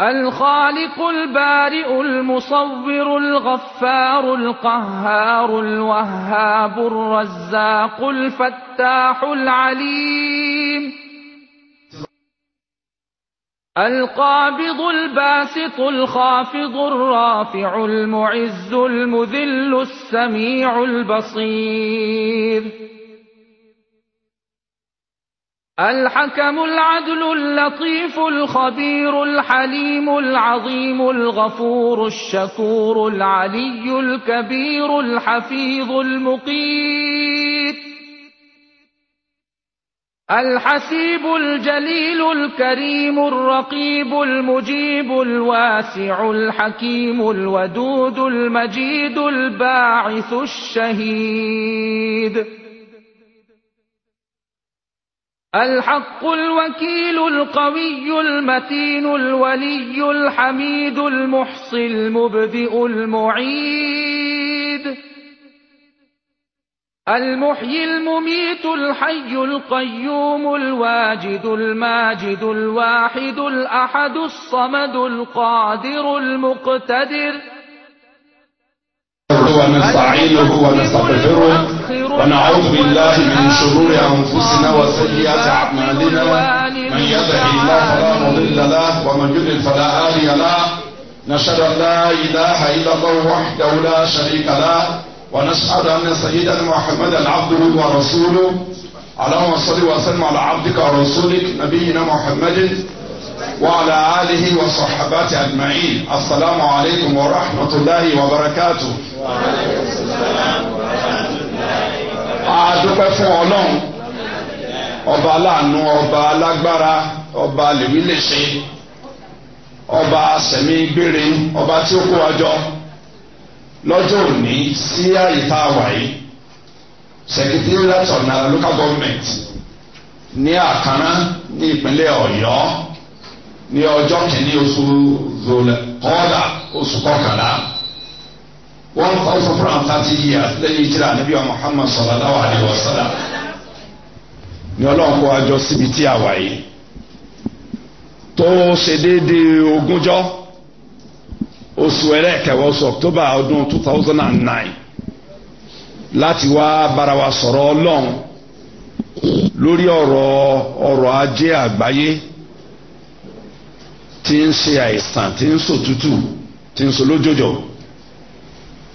الخالق البارئ المصور الغفار القهار الوهاب الرزاق الفتاح العليم القابض الباسط الخافض الرافع المعز المذل السميع البصير الحكم العدل اللطيف الخبير الحليم العظيم الغفور الشكور العلي الكبير الحفيظ المقيت الحسيب الجليل الكريم الرقيب المجيب الواسع الحكيم الودود المجيد الباعث الشهيد الحق الوكيل القوي المتين الولي الحميد المحصي المبدئ المعيد المحيي المميت الحي القيوم الواجد الماجد الواحد الأحد الصمد القادر المقتدر ونستعينه ونستغفره ونعوذ بالله من شرور أنفسنا وسيئات أعمالنا من يهده الله فلا مضل له ومن يضلل فلا هادي له نشهد أن لا إله إلا الله وحده لا شريك له ونشهد أن سيدنا محمدا عبده ورسوله اللهم صل وسلم على عبدك ورسولك نبينا محمد وعلى آله وصحباته أجمعين السلام عليكم ورحمة الله وبركاته وعليكم السلام ورحمة الله وبركاته adúpẹ́ fún ọlọ́run ọba aláàánú ọba alágbára ọba lèmílèṣe ọba sẹ̀mí gbére ọba tí ó kó wa lọ́jọ́ òní sí àyè tá a of Nara local government ní Àkàrà ní ìpínlẹ̀ Ọ̀yọ́ ní ọjọ́ kìíní oṣù zola kọ́ọ̀dà oṣù kọkànlá one thousand four and thirty years lẹ́yìn ìtura níbi wa muhammad sallallahu alayhi wa sallam ní ọlọ́run kó àjọ síbi tí a wà yìí tó ṣe déédéé ogúnjọ́ two thousand and nine láti wá bára wa sọ̀rọ̀ ọlọ́run lórí ọ̀rọ̀ ajé tí ń ṣe àìsàn tí ń sòtútù tí ń so lójòjò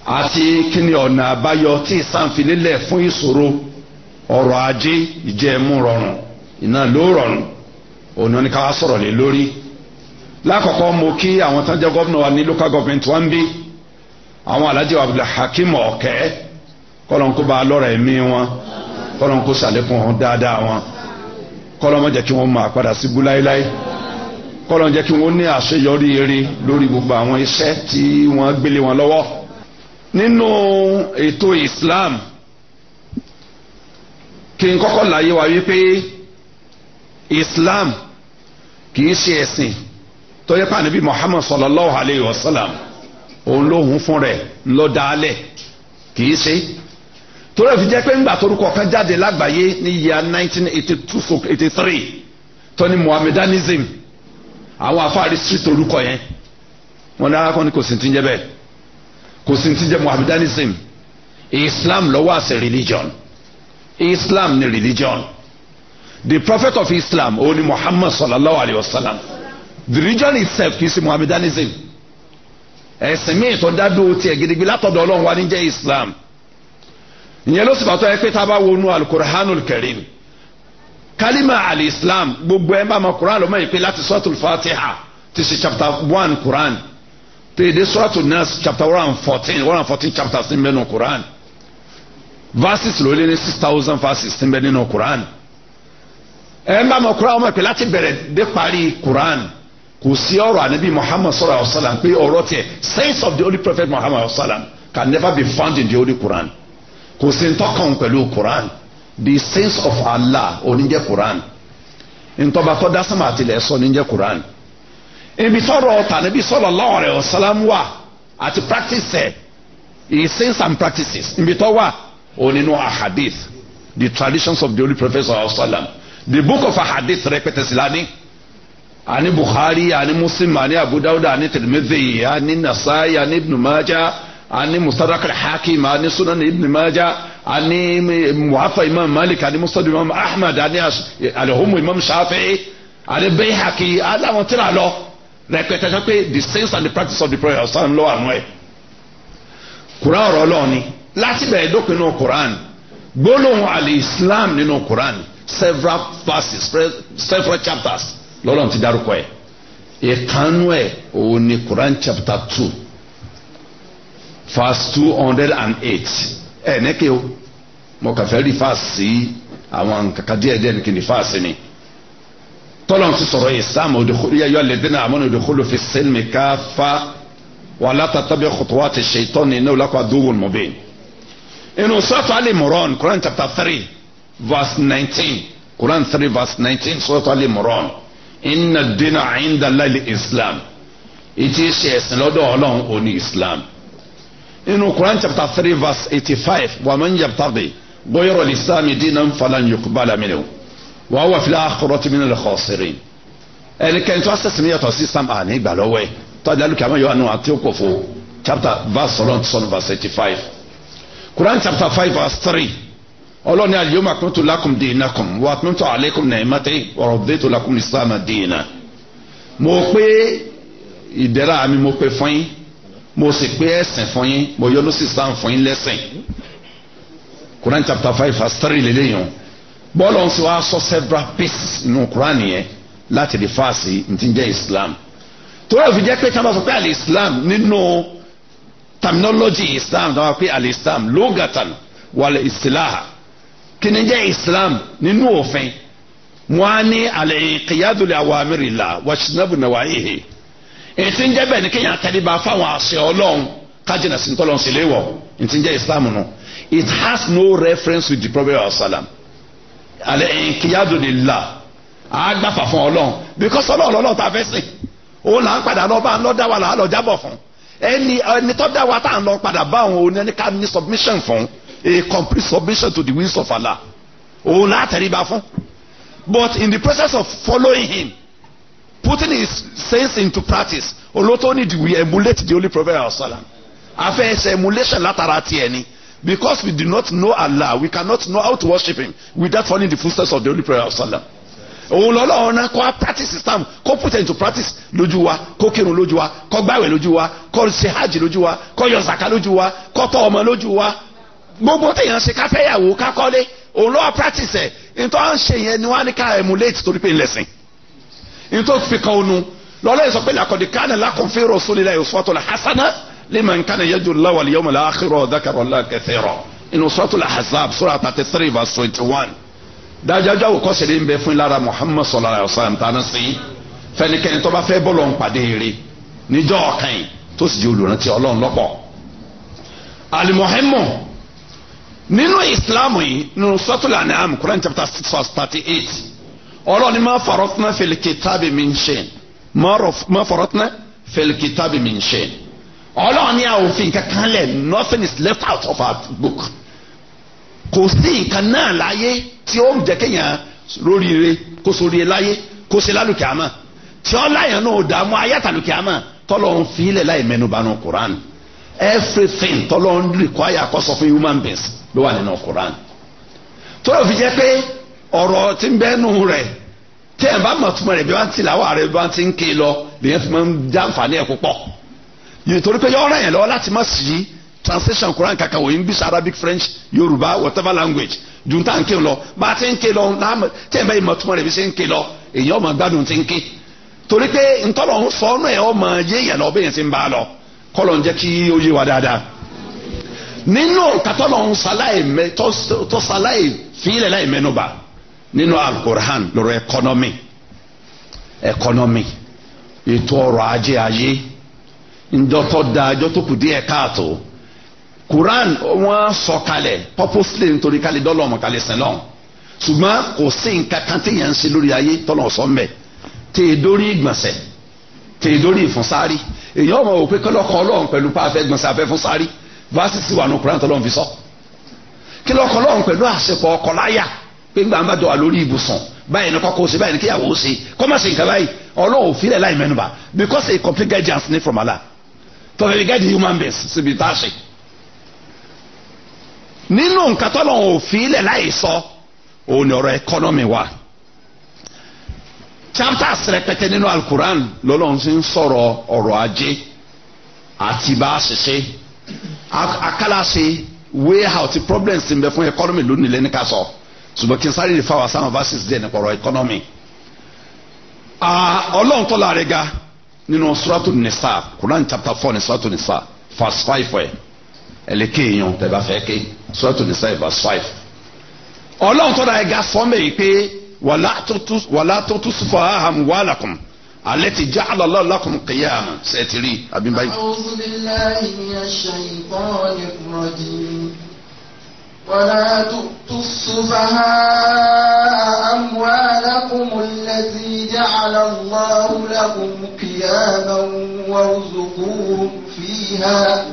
àti kíni ọ̀nà àbáyọ tí ìsànfilélẹ̀ fún ìṣòro ọrọ̀ ajé ìjẹ́mú rọrùn iná ló rọrùn òun ni ká wá sọ̀rọ̀ lé lórí lákọ̀ọ́kọ́ mo kí àwọn tán jẹ́ gómìnà wa ní local government wa ń bí àwọn alájẹ wa Abdulhakeem Ọ̀kẹ́ kọ́lọ́n kó bá a lọ́rọ̀ ẹ̀mí wọn kọ́lọ́n kó sàlékún wọn dáadáa wọn kọ́lọ́n má jẹ́ kí wọ́n máa padà síbú láéláé kọ́lọ́n jẹ́ kí wọ́n ní àṣeyọrí eré lórí gbogbo àwọn iṣẹ́ tí wọ́n gbélé wọn lọ́wọ́ nínú ètò Islam kí n kọ́kọ́ láyé wa wípé Islam kì í ṣe ẹ̀sìn tó yẹ pàánù bí Muhammad sallallahu alayhi wa sallam òun lóhun fún rẹ̀ ló dálẹ̀ kì í ṣe torí ẹ̀ fi jẹ́ pé torúkọ kan jáde lágbàáyé ní yíya 1982 83 tó ní Mohammedanism àwọn afáàrí street orúkọ yẹn wọn ní arákùnrin ah, ni kò sì ti jẹ bẹ́ẹ̀ kò sì ti jẹ mohammedanism islam ló wà religion islam ni religion the prophet of islam ó ní muhammad sallallahu alayhi wa sallam the religion itself kì í ṣe mohammedanism ẹ̀sìn míì tó dádó tiẹ̀ gidigidi látọ̀dọ̀ ọlọ́run wa ní jẹ́ islam ìyẹn ló sì bàtọ́ ẹ pé tá a bá wọnú alukur'anul karim kalima alislam gbogbo ẹ bá ma quran lọ́mọ yìí pé láti suratul fatiha ti ṣe chapter one quran tèdè suratul nas chapter one and fourteen one and fourteen chapters ń bẹ nínú quran verses ló lé ní six thousand verses ń bẹ nínú quran ẹ bá ma quran lọ́mọ yìí pé láti bẹ̀rẹ̀ dé parí quran kò sí ọ̀rọ̀ ànábì muhammad sallallahu alaihi pé ọ̀rọ̀ tiẹ̀ sense of the holy prophet muhammad sallam can never be found in the holy quran kò sí ntọ́kàn pẹ̀lú quran the sins of Allah oníjẹ́ Quran ntọ́ba tó dá sánmà àtìlẹ̀ sọ níjẹ́ Quran ibi tọrọ tànàbí sallallahu alaihi wasallam wà àti practice ẹ̀ his sins and practices ibi tọ́ wà onínú ahadith the traditions of the holy prophet sallallahu alaihi wasallam the book of ahadith rẹpẹtẹ sílani ani Bukhari ani Muslim ani Abu Dawud ani Tirmidhi ani Nasai ani Ibn Majah ani Mustadrak al-Hakim ani Sunan Ibn Majah ani muwafa imam malik ani musadu imam ahmed ani alihumu imam shafi'i ani bayhaki aláwọn tíra lọ rẹpẹtẹ sọ pé the sense and the practice of the prayer ọsàn lọ àánú ẹ kuran ọ̀rọ̀ lọni láti bẹ̀rẹ̀ dópin nínú kuran gbólóhùn àlè islam nínú kuran several verses several chapters lọ́lọ́run ti dárúkọ ẹ̀ ìkànnú ẹ̀ òun ni kuran chapter two verse two hundred and eight ẹ̀ ní kí o mo kàn fẹ́ rí fáàsì àwọn kankan díẹ̀ díẹ̀ ní kí ni fáàsì ni tọ́lọ́n ti sọ̀rọ̀ ìsáàmù yíyọ lẹ́dínà àmọ́nà òdòkúlù fi sẹ́lẹ̀mì káfa wà látàtàbí ọkùtùwà ti ṣètọ́ ní iná òlákùá dúwòn mọ́bẹ́. inú sọ́ọ̀tù alẹ́ mọ̀rán Quran chapter three verse nineteen Quran three verse nineteen sọ́ọ̀tù alẹ́ mọ̀rán inna dínà àyíndàlá ilẹ̀ Islam ìtì ṣe ẹ̀sìn lọ́dọ̀ Ọlọ́run òní Islam nínú Quran chapter three verse eighty five wàmán yabtaghi gbóyọrọ lisami dinan falan yuqbala minhu wa huwa fil akhirati minal khasirin ẹnikẹ́ni tó sẹ̀sìn yàtọ̀ sí sam àní ìgbà lọ́wọ́ ẹ̀ tọ́jà lókè àmọ́ yóò ànú àti òkòfò chapter verse ọlọ́run sọ́nù verse eighty five Quran chapter five verse three ọlọ́ni al-yawma akmaltu lakum dinakum wa atmamtu alaykum ni'mati wa raditu lakum lisama dina mo pé ìdẹ̀ra mi mo pé fún yín mo sì pé ẹ̀sìn fún yín mo yọ́nú sí sáà fún yín lẹ́sìn Quran chapter five verse three lélẹ́yìn o bọ́ọ̀lù ọ̀hún sì wá sọ several pieces nù Quran yẹn láti di fáàsì ntí jẹ́ Islam torí òfin jẹ́ pé tí wọ́n bá sọ pé àlè Islam nínú terminology Islam tí wọ́n bá pé àlè Islam lógatan wàlẹ̀ ìsìláhà kí ni jẹ́ Islam nínú òfin wọ́n á ní àlè ìkìyàdùlẹ̀ àwàmìrìlà wàṣínàbùnàwà ìhè ètí ń jẹ́ bẹ́ẹ̀ ni kéèyàn tẹ́lẹ̀bá fáwọn àṣẹ ọlọ́run kájìnà sí tọ́lọ́ sí léwọ̀ ètí ń jẹ́ islam nù it has no reference with the prophet of salam alẹ́ nkìyàdó lè la àgbàfà fún ọlọ́run because ọlọ́run lọ́lọ́run tá a fẹ́ sìn òun là ń padà lọ bá ń lọ́ dá wa là á lọ jábọ̀ fún ẹni ẹni tó dá wa tá à ń lọ padà bá òun òun ẹni ká ní submission fún a complete submission to the will of Allah òun là á tẹ̀lé ba fún but in the process of following him putting his sense into practice olótó need we emulate the holy prophet of salam afẹ́ ẹsẹ̀ emulation látara tiẹ̀ ni because we do not know Allah we cannot know how to worship him without following the footsteps of the holy prophet of salam òun lọ́lọ́run náà kó practice islam kó put it into practice lójú wa kó kírun lójú wa kó gbàwẹ̀ lójú wa kó ṣe hajj lójú wa kó yọ zaka lójú wa kó tọ́ ọmọ lójú wa gbogbo téèyàn ṣe káfẹ́yàwó kákọ́lé òun lọ́wọ́ practice ẹ̀ nítorí wọ́n ń ṣe yẹn ni wọ́n á ní ká emulate torí pé ń lẹ̀sìn ní tó fi kan onu lọ́lọ́ yìí sọ pé làkọ̀dé kánà lákòófin rasulillah uswatun hasana liman kana yarju Allah wal yawmal akhir wa dhakara Allah kathira inú suratul ahzab sura thirty three verse twenty one dájájá òkọ́ sílẹ̀ ń bẹ fún lára muhammad sallallahu alayhi wa sallam tánà sí fẹnikẹ́ni tó bá fẹ́ bọ́lọ̀ ń pàdé rẹ̀ níjọ́ ọ̀kan yìí tó sì di olùrántí ọlọ́run lọ́pọ̀ alimuhimu nínú islam yìí nínú suratul an'am quran chapter six verse thirty eight ọlọ́run ni má farọ́tínà fìlìkìtàbí mi ń ṣe má farọ́tínà fìlìkìtàbí mi ń ṣe ọlọ́run ni àwọn kankan lẹ̀ nothing is left out of our book kò sí nǹkan náà láyé tí ó ń jẹ́ kéèyàn lóríire kó sóríire láyé kó ṣe lálùkẹ́ àmọ́ tí ó láyàn náà ò dààmú ayátàlùkẹ́ àmọ́ tọ́lọ́ ń fi ilẹ̀ láì mẹ́nubánu Quran everything tọ́lọ́ ń require kó sọ fún human beings ló wà nínú Quran tó fi jẹ́ pé ọ̀rọ̀ tí ń bẹ́nu rẹ̀ tí ẹ̀ bá mọ̀túmọ̀ rẹ̀ bí wọ́n ti làwọn ààrẹ bí wọ́n ti ń ké lọ lèyẹn fi máa ń jàǹfààní ẹ̀ púpọ̀ yìí pé yọ ọ̀rọ̀ yẹn lọ láti má sí translation Quran kankan wò English Arabic French Yorùbá whatever language dùn tá à ń ké lọ bá a ti ń ké lọ tí ẹ̀ bá yìí mọ̀túmọ̀ rẹ̀ bí ṣe ń ké lọ èyàn ọmọ gbádùn ti ń ké torí pé ntọ́lọ̀ ń sọ ọ́nà ẹ̀ ọmọ yéèyàn lọ bẹ́ẹ̀ nínú alukur'an lọ́rọ̀ ẹkọ́nọ́mì ẹkọ́nọ́mì ètò ọrọ̀ ajé ayé ndọ́tọ́ da ẹjọ́ tó kù díẹ̀ káàtó quran wọ́n sọ kalẹ̀ purposely nítorí kalẹ̀ dọ́lọ̀ ọmọ kalẹ̀ sẹ́lọ̀ ṣùgbọ́n kò sí nǹkan kan téèyàn ń ṣe lórí ayé tọ́lọ̀ sọ mbẹ́ tè é dórí ìgbọ̀nsẹ̀ tè é dórí ìfúnsáárì èyàn ọmọ òpè kọlọ́kọ ọlọ́run pẹ̀lú pàfẹ́ gbọ̀nsẹ̀ afẹ́ fúnsáárì verses wà nù quran tọ́lọ̀ fi sọ kílọ̀kọ ọlọ́run pẹ̀lú àṣepọ̀ ọkọ̀ pé gbà ń bá dọ̀wà lórí ibùsùn báyìí ni kọ́kọ́ ṣe báyìí ni kíyàwó ṣe kọ́ má nǹkan báyìí ọlọ́wọ́ òfìlẹ̀ láì mẹ́nuba because a complete guidance ni from Allah tọ́lẹ̀ ní guide human beings síbi tá a ṣe. nínú nǹkan tọ́lọ̀ òfìlẹ̀ láì sọ òun ni ọ̀rọ̀ economy wa chapters rẹpẹtẹ nínú alukuran lọ́lọ́run ti ń sọ̀rọ̀ ọ̀rọ̀ ajé àti bá a ṣiṣẹ́ akálàṣe way out problems ń bẹ fún economy lónìí lẹ́ni ká sọ. So ṣùgbọ́n kí n sáré lè fa wá sáwọn verses díẹ̀ nípa ọ̀rọ̀ economy. ọlọ́run tọ́lá rẹ̀ ga nínú suratu nisa Quran chapter four ní suratu nisa verse five ẹ̀ ẹ̀lẹ́kẹ́ èèyàn tẹ̀ bá fẹ́ ké suratu nisa verse five. ọlọ́run tọ́lá rẹ̀ ga sọ́mẹ̀ yìí pé wàlá tó tú sùfà àhàm wàlàkùn alẹ́ ti já àlọ́lọ́ lakum qiyama sẹ́ẹ̀tì rí àbí báyìí. ولا تؤتوا السفهاء أموالكم التي جعل الله لكم قياما وارزقوهم فيها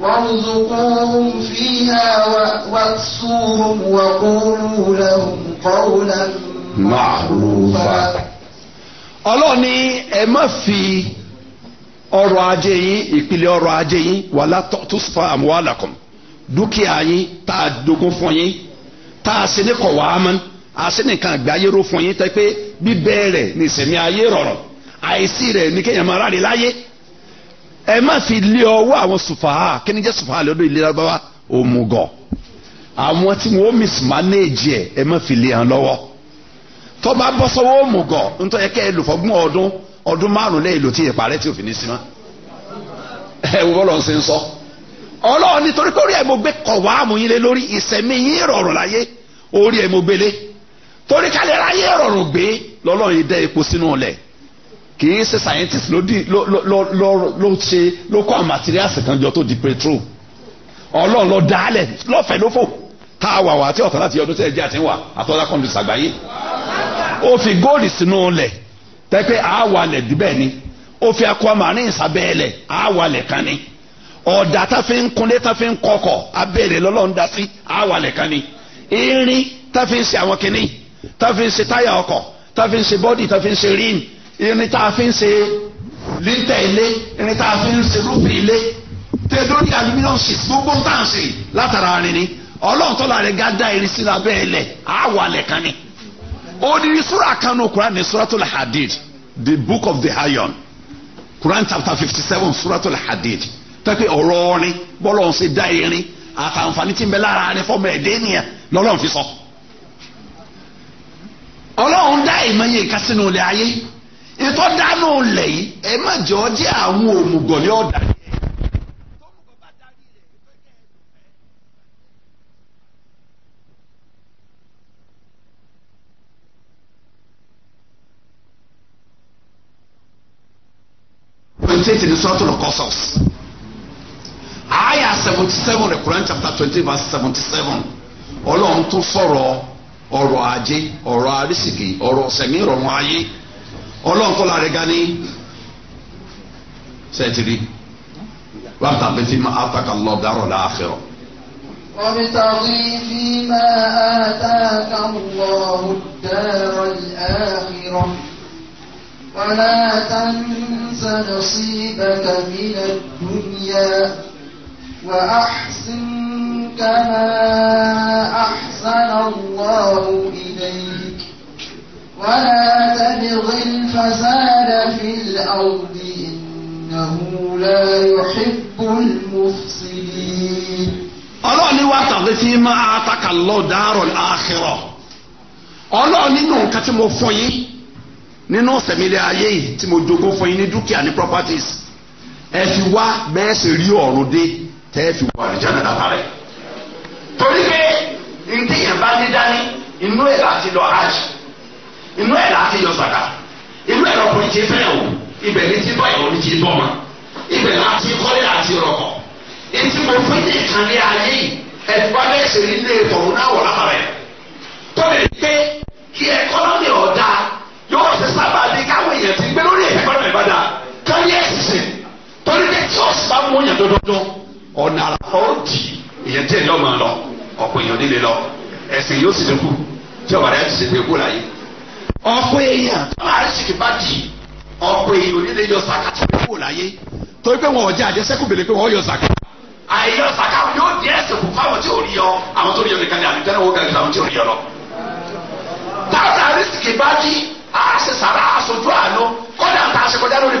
وارزقوهم فيها واكسوهم وقولوا لهم قولا معروفا ألوني ẹ في fi ọrọ̀ ajé yín ìpìlẹ̀ ọrọ̀ ajé yín wàlá tó dúkìá yín tá a dogun fún yín tá a ṣe ní kọ̀wá amán a ṣe nìkan àgbáyé ró fún yín tẹ́ pé bíbẹ́ rẹ̀ ní ìsẹ̀mí ayé rọ̀rọ̀ àìsí rẹ̀ ní kéèyàn máa ráre láyé ẹ má fi lé ọwọ́ àwọn sùfàá kí ni jẹ́ sùfàá lọ́dọ̀ ìlera bá wa òmùgọ̀ àwọn tí wọ́n mismanage ẹ̀ ẹ má fi lé hàn lọ́wọ́ tó bá bọ́ sọ́wọ́ òmùgọ̀ nítorí ẹ kẹ́ ẹ lò fọ́gbọ́n ọdún ọdún márùn-ún lẹ́yìn lò tí ìparẹ́ tí òfin ní sí ẹ wọ́n lọ́n ṣe ń sọ ọlọ́run nítorí pé orí ẹ̀ mo gbé kọ̀wá àmúyín lé lórí ìsẹ̀mí yín rọrùn láyé orí ẹ̀ mo gbélé torí ká lè ráyé rọrùn gbé lọ́lọ́run yìí dẹ́ epo sínú ọlẹ̀ kì í ṣe scientist ló ṣe ló kọ́ àwọn materials kan jọ tó di petrol ọlọ́run lọ dálẹ̀ lọ́fẹ̀ẹ́ lófò tá a wà wá tí ọ̀tá láti ọdún tẹ́lẹ̀ jẹ́ àti wà àtọ́lá kọ́ńdù sàgbáyé ó fi góòlì sínú ọlẹ̀ tẹ́pẹ́ àá wà lẹ̀ díbẹ̀ ni ó fi akọ àmàrin ìsàbẹ̀ẹ́lẹ̀ àá wà lẹ̀ kan ni ọ̀dà tá fi ń kunlé tá fi ń kọkọ̀ abẹ́rẹ́ lọ́lọ́run dá sí àwàlẹ̀ kan ni irin tá fi ń ṣe àwọn kinní tá fi ń ṣe táyà ọkọ̀ tá fi ń se bọ́dì tá fi ń ṣe ríìn irin tá fi ń ṣe líńtẹ̀ ilé irin tá fi ń ṣe rúfin ilé tẹ aluminium sheet gbogbo ń tàn sí látara arin ni ọlọ́run tó lára ga dá irin sí lábẹ́ ilẹ̀ àwàlẹ̀ kan ni odiri sura kan ní Quran ní suratul Hadid the book of the Iron Quran chapter fifty seven suratul Hadid pẹ́pẹ́ ọ̀rọ̀ ọrin bọ́lọ̀ ń ṣe dá irin àtàǹfààní tí ń bẹ lára rẹ fọmọ ẹ̀dẹ́ nìyẹn lọ́lọ́run fi sọ. ọlọ́run dá ìmọ̀ye nǹkan sínú ilẹ̀ ayé ìtọ́ dánú ilẹ̀ yìí ẹ má jẹ́ ọ àwọn òmùgọ̀ ní ọ̀dà. twenty sọ́tò lọ kọ́sọ̀ọ̀sì aya seventy seven Quran chapter twenty verse seventy seven ọlọ́run tún fọ̀rọ̀ ọ̀rọ̀ ajé ọ̀rọ̀ arísìkì ọ̀rọ̀ sẹ̀mí ìrọ̀rùn ayé ọlọ́run kọ́ la rẹ̀ ga ní sẹ́tìrì wàtà bí fi máa àtàkà lọ dárọ̀ láàfẹ́rọ̀. وابتغي فيما آتاك الله الدار الآخرة ولا تنس نصيبك من الدنيا وأحسن كما أحسن الله إليك ولا تبغ الفساد في الأرض إنه لا يحب المفسدين ọlọ́run ní wàá tàbí fi máa àtàkà lọ dárò àkìrọ̀ ọlọ́run nínú nǹkan tí mo fọ yín nínú sẹ̀mílẹ̀ ayé yìí tí mo jogún fún yín ní dúkìá ní properties ẹ fi wá bẹ́ẹ̀ sì rí ọ̀run dé tẹ́ẹ̀fì wọ àlùjáde látara ẹ̀. torí pé ntìyàn bá ní dání inú ẹ̀ láti lọ hajj inú ẹ̀ láti yọ sàkà inú ẹ̀ lọkùnrin ti fẹ́ o ibẹ̀ ní ti bọ́ ìwọ ní ti bọ́ ma ibẹ̀ láti kọ́lé láti rọkọ̀ etí mo fún ní ìkànnì ayé yìí ẹ̀fọ́ bẹ́ẹ̀ ṣe nílé ìfọ̀rún náà wọ̀ látara ẹ̀ tọ́lẹ̀ pé kí ẹkọ́nọ́mì ọ̀dà yóò ṣe sábà bí káwọn èèyàn ti gbé lórí ẹ̀kọ́ náà ìbàdàn kọ́lé ẹ̀sìn tọ́lẹ̀ pé tí ọ̀sán bá mú yàn dọ́dọ́dọ́ ọ̀nà àràfọ́ òdì èyàn tí èyàn máa lọ ọ̀pọ̀ èyàn nílé lọ ẹ̀sìn yóò sì dínkù tí ọ̀bà rẹ̀ ti ṣe pé kú láyé ọ̀pọ̀ èyàn tó máa rí sìkì bá dì ọ̀pọ̀ èyàn onílé yọ sàkà tí kú láyé torí pé wọn ò jẹ́ àjẹsẹ́kù bèlè pé wọ́n yọ sàkà àìyọ sàkà yóò di ẹsẹ̀ kù fáwọn tí ò rí yọ àwọn tó rí yọ nìkan ní àbí tẹ́lẹ̀ wọ́n gàdí àwọn tí ò rí yọ lọ. táwọn àrísìkì bá dì àṣẹ sàrà àṣojú àánú kọ́dà tá a ṣe kọjá lórí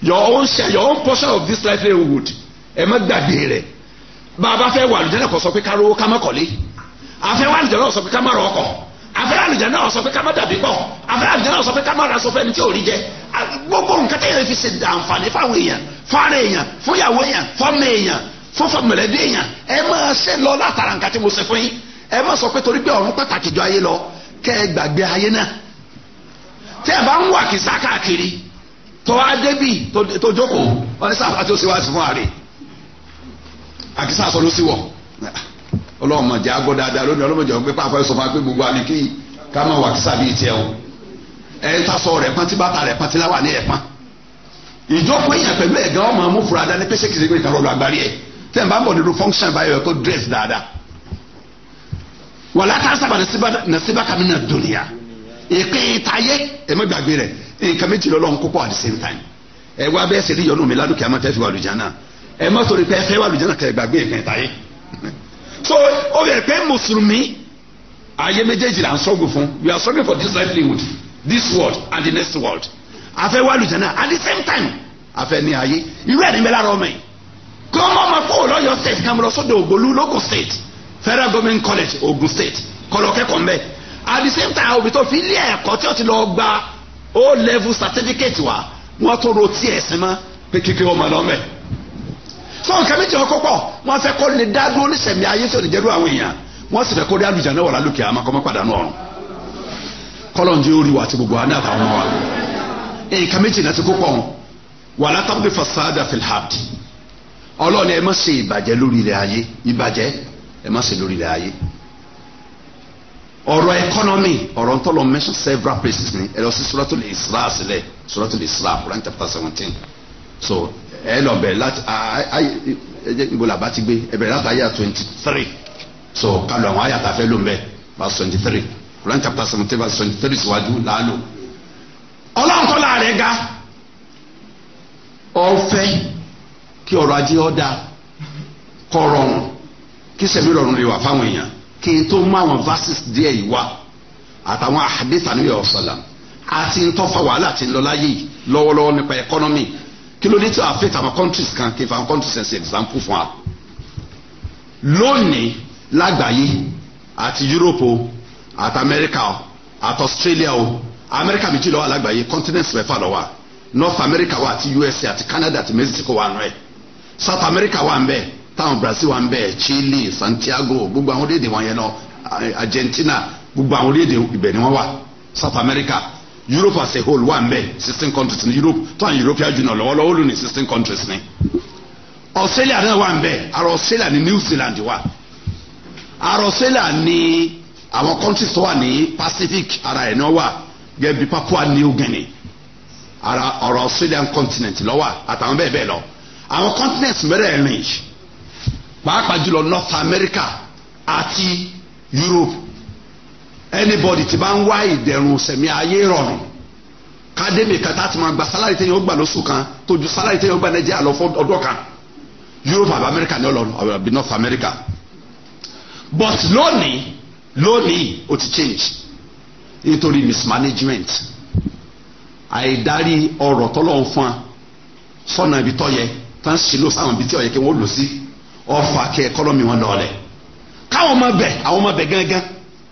your own share your own portion of this livelihood ẹ má gbàgbé rẹ̀ bá a bá fẹ́ wà lùjẹ́ náà kò sọ pé ká rówó ká má kọ́lé àfẹ́ wà lùjẹ́ náà sọ pé ká má rọ ọkọ̀ àfẹ́ wà lùjẹ́ náà sọ pé ká má dàbí pọ̀ àfẹ́ wà lùjẹ́ náà sọ pé ká má ra sọ fẹ́ni tí ò rí jẹ gbogbo nǹkan tẹ́yẹ̀ fi ṣe àǹfààní fáwọn èèyàn fára èèyàn fúnyàwó èèyàn fọ́mọ èèyàn fúnfọ mọ̀lẹ́bí èèyàn ẹ máa ṣe lọ látara nǹkan tí mo ṣe fún yín ẹ má sọ pé torí pé ọ̀run pàtàkì jọ ayé lọ kẹ́ ẹ gbàgbé ayé náà tẹ́ ẹ bá ń wà kìsà tọ́ adébì tó jókòó wọ́n ní sáfà tí ó fún àárẹ̀ àkísà sọ ló sì wọ̀ ọlọ́mọ jẹ́ dáadáa lónìí ọlọ́mọ jẹ́ pé pàápàá sọ fún wa pé gbogbo àmì kí ká máa wà kísà bíi tiẹ̀ o ẹ̀ ń tasọ rẹ̀ pọ́n tí bàtà rẹ̀ pọ́n tí láwà ní ẹ̀ pọ́n ìjókòó èèyàn pẹ̀lú ẹ̀gá ọmọ mú fura dání pé ṣé kìsìkìsì kan rọlù agbárí ẹ̀ tẹ̀ ń bá ń bọ̀ nínú function báyọ̀ ẹ̀kọ́ dress dáadáa wàlá tá a sábà nàṣíbà kàmínà dùnìyà ìpín tayé ẹ̀mọ́ gbàgbé rẹ̀ nǹkan méjì lọ́lọ́run kópọ̀ at the same time ẹ wá bẹ́ẹ̀ sì rí yọnu mi lálùkì àmọ́ tẹ́ fi wà lùjánà ẹ mọ́ sórí pé ẹ fẹ́ wà lùjánà kẹ́ gbàgbé ìpín tayé so ó yẹ pé mùsùlùmí ayé méjèèjì là ń sọ́gun fún we are struggling for this livelihood this world and the next world a fẹ́ wà lùjánà at the same time a fẹ́ ní ayé irú ẹ̀ ní bẹ́ẹ̀ lára ọmọ yìí kí wọ́n mọ̀ kó lọ́yọ̀ state kí sọ́dọ̀ ògbólú lókun state federal government college Ògùn state kọlọ́kẹ́kọ̀ọ́ mbẹ́ at the same time òbí tó fi ilé ẹ̀kọ́ tí ó ti lọ gba o level certificate wa wọ́n tó ro tí ẹ̀sìn mọ́ pé kíkẹ́ ọmọ lọ́mẹ́ so nǹkan méjì ọkọ pọ̀ wọ́n fẹ́ kó lè dá dúró nísẹ̀mí ayé tí ò ní jẹ́rú àwọn èèyàn wọ́n sì fẹ́ kó rí àlùjá náà wà lálùkẹ́ àmọ́ kọ́ mọ́ pàdánù ọ̀run kọ́lọ́njì orí wa àti gbogbo àná àtàwọn ọmọ wa nǹkan méjì náà ti kó pọ̀ wọn wà látàbí fasada filhabdi ọlọ́ọ̀ni ẹ má ṣe ìbàjẹ́ lórí ilẹ̀ ayé ìbàjẹ́ ẹ má ṣe lórí ilẹ̀ ayé ọ̀rọ̀ economy ọ̀rọ̀ ń tọ́lọ̀ mention several places ni ẹ lọ sí suratul isra sílẹ̀ suratul isra Quran chapter seventeen so ẹ lọ bẹ̀rẹ̀ láti ẹ jẹ́ ibo làbá ti gbé ẹ bẹ̀rẹ̀ láti àyà twenty three so Kalu lọ àwọn àyà tá a ń bẹ̀ verse twenty three Quran chapter seventeen verse twenty three síwájú là á lò ọlọ́run tó la rẹ̀ ga ọ̀fẹ́ kí ọrọ̀ ajé ọ̀dà kọ̀ kí sẹ̀mí rọrùn lè wà fáwọn èèyàn kí n tó mú àwọn verses díẹ̀ yìí wá àtàwọn àdéhà níbi ọ̀sọ̀làm àti ń tọ́fà wàhálà ti ń láyé yìí lọ́wọ́lọ́wọ́ nípa economy kí ló dé tí affect àwọn countries kan kí n fa àwọn countries ẹ̀ sí example fún wa. lónìí lágbàáyé àti Europe o àti America o àti Australia o America méjì ló wà lágbàáyé continent mẹ́fà ló wà North America wa àti USA àti Canada àti Mexico wa nù ẹ̀ South America wa ń bẹ́ẹ̀ táwọn Brazil wà ń bẹ Chile Santiago gbogbo àwọn orílẹ̀-èdè wọn yẹn lọ Argentina gbogbo àwọn orílẹ̀-èdè ibẹ̀ ni wọ́n wà South America Europe as a whole wà ń bẹ sixteen countries ní Europe táwọn European Union lọ́wọ́lọ́wọ́ ló ní sixteen countries ní Australia náà wà ń bẹ àrò Australia ní New Zealand wà àrò Australia ní àwọn countries tó wà ní Pacific ara ẹ̀ náà wà gẹ́gẹ́ Papua New Guinea ara ọ̀rọ̀ Australian continent lọ́wọ́ àtàwọn bẹ́ẹ̀ bẹ́ẹ̀ lọ àwọn continent mẹ́rẹ̀ẹ̀rin yìí pàápàá jùlọ North America àti Europe anybody ti bá ń wá ìdẹ̀rùn sẹ̀mí ayé rọrùn kádémì kan tá a ti máa gba sálárì téèyàn ó gbà lóṣù kan tó ju sálárì téèyàn ó gbà nàìjíríà lọ fún ọdún kan Europe àbí America ni ọlọ́run àbí North America but lónìí lónìí ó ti change nítorí mismanagement àìdarí ọ̀rọ̀ tọ́lọ́run fún wa sọ́nà ibi tọ́ yẹ tán sì lò sáwọn ibi tí ó kí wọ́n lò sí. Si ọ̀fà kẹ kọ́lọ́mì wọn lọ́ọ̀lẹ̀ káwọn ọmọ bẹ̀ àwọn ọmọ bẹ̀ gángan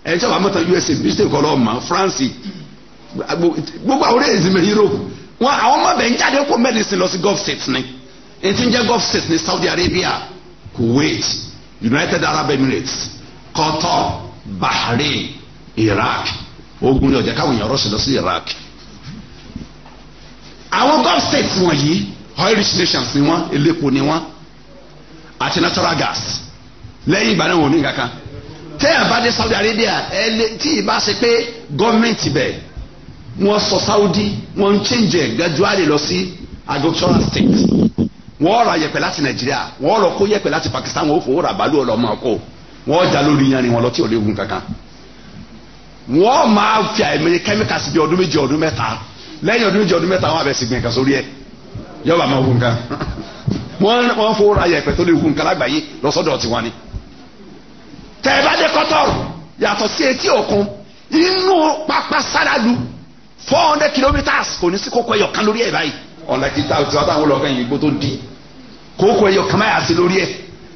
ẹ̀yìn tí wọ́n mọ̀tàn USA britain kọ́lọ́ọ̀mà France gbogbo àwọn orílẹ̀ èdè Europe wọn àwọn ọmọ bẹ̀ ń jáde kó medicine lọ sí Gulf States ni etí ń jẹ́ Gulf States ni Saudi Arabia Kuwait United Arab Emirates Qatar Bahrain Iraq ogun ni ọjà káwọn èèyàn rọ́ọ̀ṣì lọ sí Iraq àwọn Gulf States wọ̀nyí oil rich nations ni wọ́n elépo ni wọ́n àti natural gas lẹ́yìn ìgbà náà wọ́n ní kankan tẹ́yà bá dé Saudi Arabia ẹ lè tí ì bá ṣe pé gọ́ọ̀mẹ̀ntì bẹ̀ wọ́n sọ Saudi wọ́n ń change gradually lọ sí agricultural state wọ́n ra yẹ̀pẹ̀ láti Nàìjíríà wọ́n lọ kó yẹ̀pẹ̀ láti Pakistan wọ́n fowó ra bàálù ọlọ́mọ kó wọ́n já lórí yanni wọn lọ tí ò léwu kankan wọ́n máa fi àìmọye chemicals bí ọdún méje ọdún mẹ́ta lẹ́yìn ọdún méje ọdún mẹ́ta wọ́n á kan sórí ẹ̀ yọ̀ọ́ bá máa wù nǹkan wọ́n wọ́n fowó ra yẹ̀pẹ̀ tó lè hu nǹkan lágbàáyé lọ́sọ̀dọ̀ tiwọn ni. tẹ ẹ bá dé yàtọ̀ sí etí òkun inú pápá sáràlú four hundred kilometers kò ní sí kókó ẹyọ kan lórí ẹ báyìí ọ̀nà kìí ta tiwa táwọn olùkọ́ yìí gbó di kókó ẹyọ kan báyà sí lórí ẹ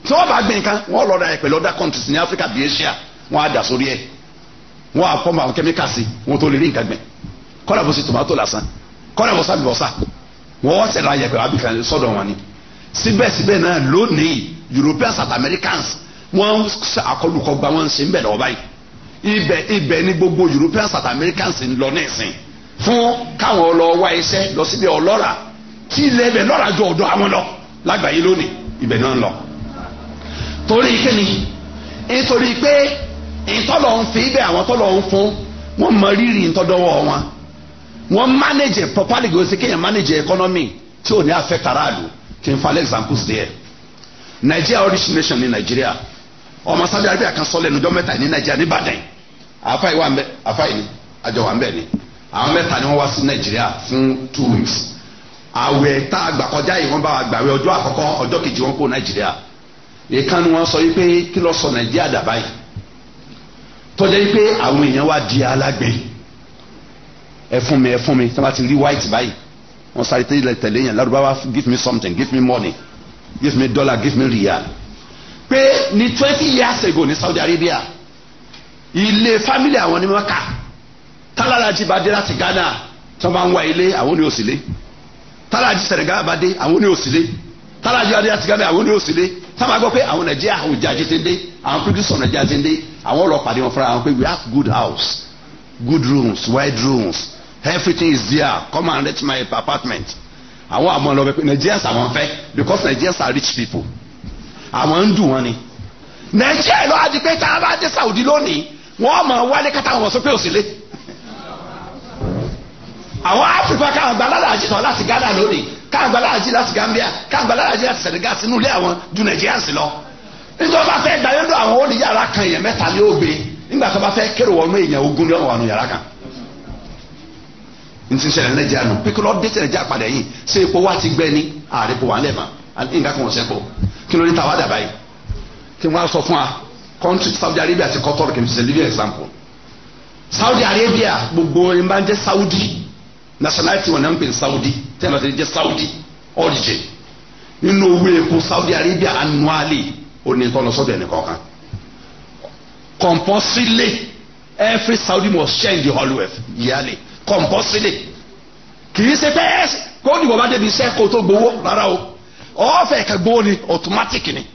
tí wọ́n bá gbìn kan wọ́n lọ́ọ́ da yẹ̀pẹ̀ lọ́dà countries ní Africa bí Asia wọ́n á dà sórí ẹ wọ́n á fọ́ọ̀mù àwọn kẹ́míkà sí wọ́n tó lè rí nǹkan gbìn kọ́lá bó sì tòmátò lásán kọ́lá bó sá bí wọ́n wọ́n tẹ̀lé ayẹ̀pẹ̀ wá bí kan sọ́dọ̀ wọn ni síbẹ̀síbẹ̀ náà lónìí Europeans àti Americans wọ́n àkọlùkọgba wọn ṣe ń bẹ̀ lọ́wọ́ báyìí ibẹ̀ ibẹ̀ ni gbogbo Europeans àti Americans ń lọ ní ìsìn fún káwọn ọlọ wá iṣẹ́ lọ síbi ọlọ́ra tí ilẹ̀ ibẹ̀ lọ́ra ju ọ̀dọ̀ àwọn lọ lágbàáyé lónìí ibẹ̀ náà ń lọ. torí kíni nítorí pé ìtọ́lọ̀ ń fi ibẹ̀ àwọn tọ́lọ̀ ń fún wọ́n mọ rírì ìtọ́dọ́wọ́ wọn wọ́n manage properly gòsì kéèyàn manage economy tí ò ní affect aráàlú Can n examples there. Nigeria rich nation ní Nigeria ọmọ Saudi Arabia kan sọ lẹ́nu ọjọ́ mẹ́ta ní Nigeria ní Ìbàdàn àfáì wà mbẹ àfáì ni àjọ wà mbẹ ni àwọn mẹ́ta ni wọ́n wá sí Nigeria fún two weeks àwẹ̀ tá a gbà kọjá yìí wọ́n bá wa gbàwẹ̀ ọjọ́ àkọ́kọ́ ọjọ́ kejì wọ́n kó Nigeria ìkànnì wọn sọ yìí pé kí lọ sọ Nigeria dàbá yìí tọ́jà yìí pé àwọn èèyàn wá di alágbè ẹ fún mi ẹ fún mi tí ti rí white báyìí wọ́n sáré tẹ́lẹ̀ tẹ̀lé yẹn Lárúbáwá give me something give me money give me dollar give me riyal pé ní twenty years ago ní Saudi Arabia ilé family àwọn ní Maka tálálàjì bá dé láti Ghana tí wọ́n bá ń wá ilé àwọn ní òsìlé tálálàjì Senegal bá dé àwọn ní òsìlé tálálàjì bá dé láti Ghana àwọn ní òsìlé sábà gbọ́ pé àwọn Nàìjíríà òjàjì ti ń dé àwọn producer Nàìjíríà ti ń dé àwọn ọlọ́pàá ni wọ́n fara àwọn pé we have good house good rooms wide rooms everything is there come and rent my apartment àwọn àmọ́ lọ pé Nigerians àwọn fẹ́ because Nigerians are rich people àwọn ń dùn wọn ni Nigeria ló adi pé tá a bá dé Saudi lónìí wọ́n mọ̀ wálé kátà wọn sọ pé òsèlè àwọn Africa káwọn gba alálàájì sọ láti Ghana lónìí káwọn gba alálàájì láti Gambia káwọn gba alálàájì láti Senegal sínú ilé àwọn ju Nigerians lọ nígbà tó bá fẹ́ gbàyẹ́ndọ̀ àwọn oníyàrá kan èèyàn mẹ́ta ni ó gbé nígbà tó bá fẹ́ kérò wọnú èèyàn ogún ni ó wà nù yàrá kan nsinsin ẹlẹjẹ àná pé lọ dẹsẹ ẹlẹjẹ àpàdé yìí ṣé epo wa ti gbẹ ni ààrẹ epo wà ń lẹ ma nǹkan kan ọ̀sẹ̀ pọ̀ kí ló ní tàwa dàbá yìí kí wọ́n sọ fún wa country Saudi Arabia àti Qatar kì í ṣe living example Saudi Arabia gbogbo ẹ̀ máa ń jẹ́ Saudi nationality wọn náà ń pè Saudi tẹ́lẹ̀ ọ̀sẹ̀ jẹ́ Saudi origin nínú owó epo Saudi Arabia annually onítọ́lọ́sọ́dọ̀ ẹnìkọ̀ọ̀kan compulsorily every Saudi must share in the whole wealth yearly compulsory kì í ṣe pé ẹsẹ kó dìbò bá débi iṣẹ́ kó tó gbowó rárá o ọ̀ọ́fẹ́ kan ni automatic ni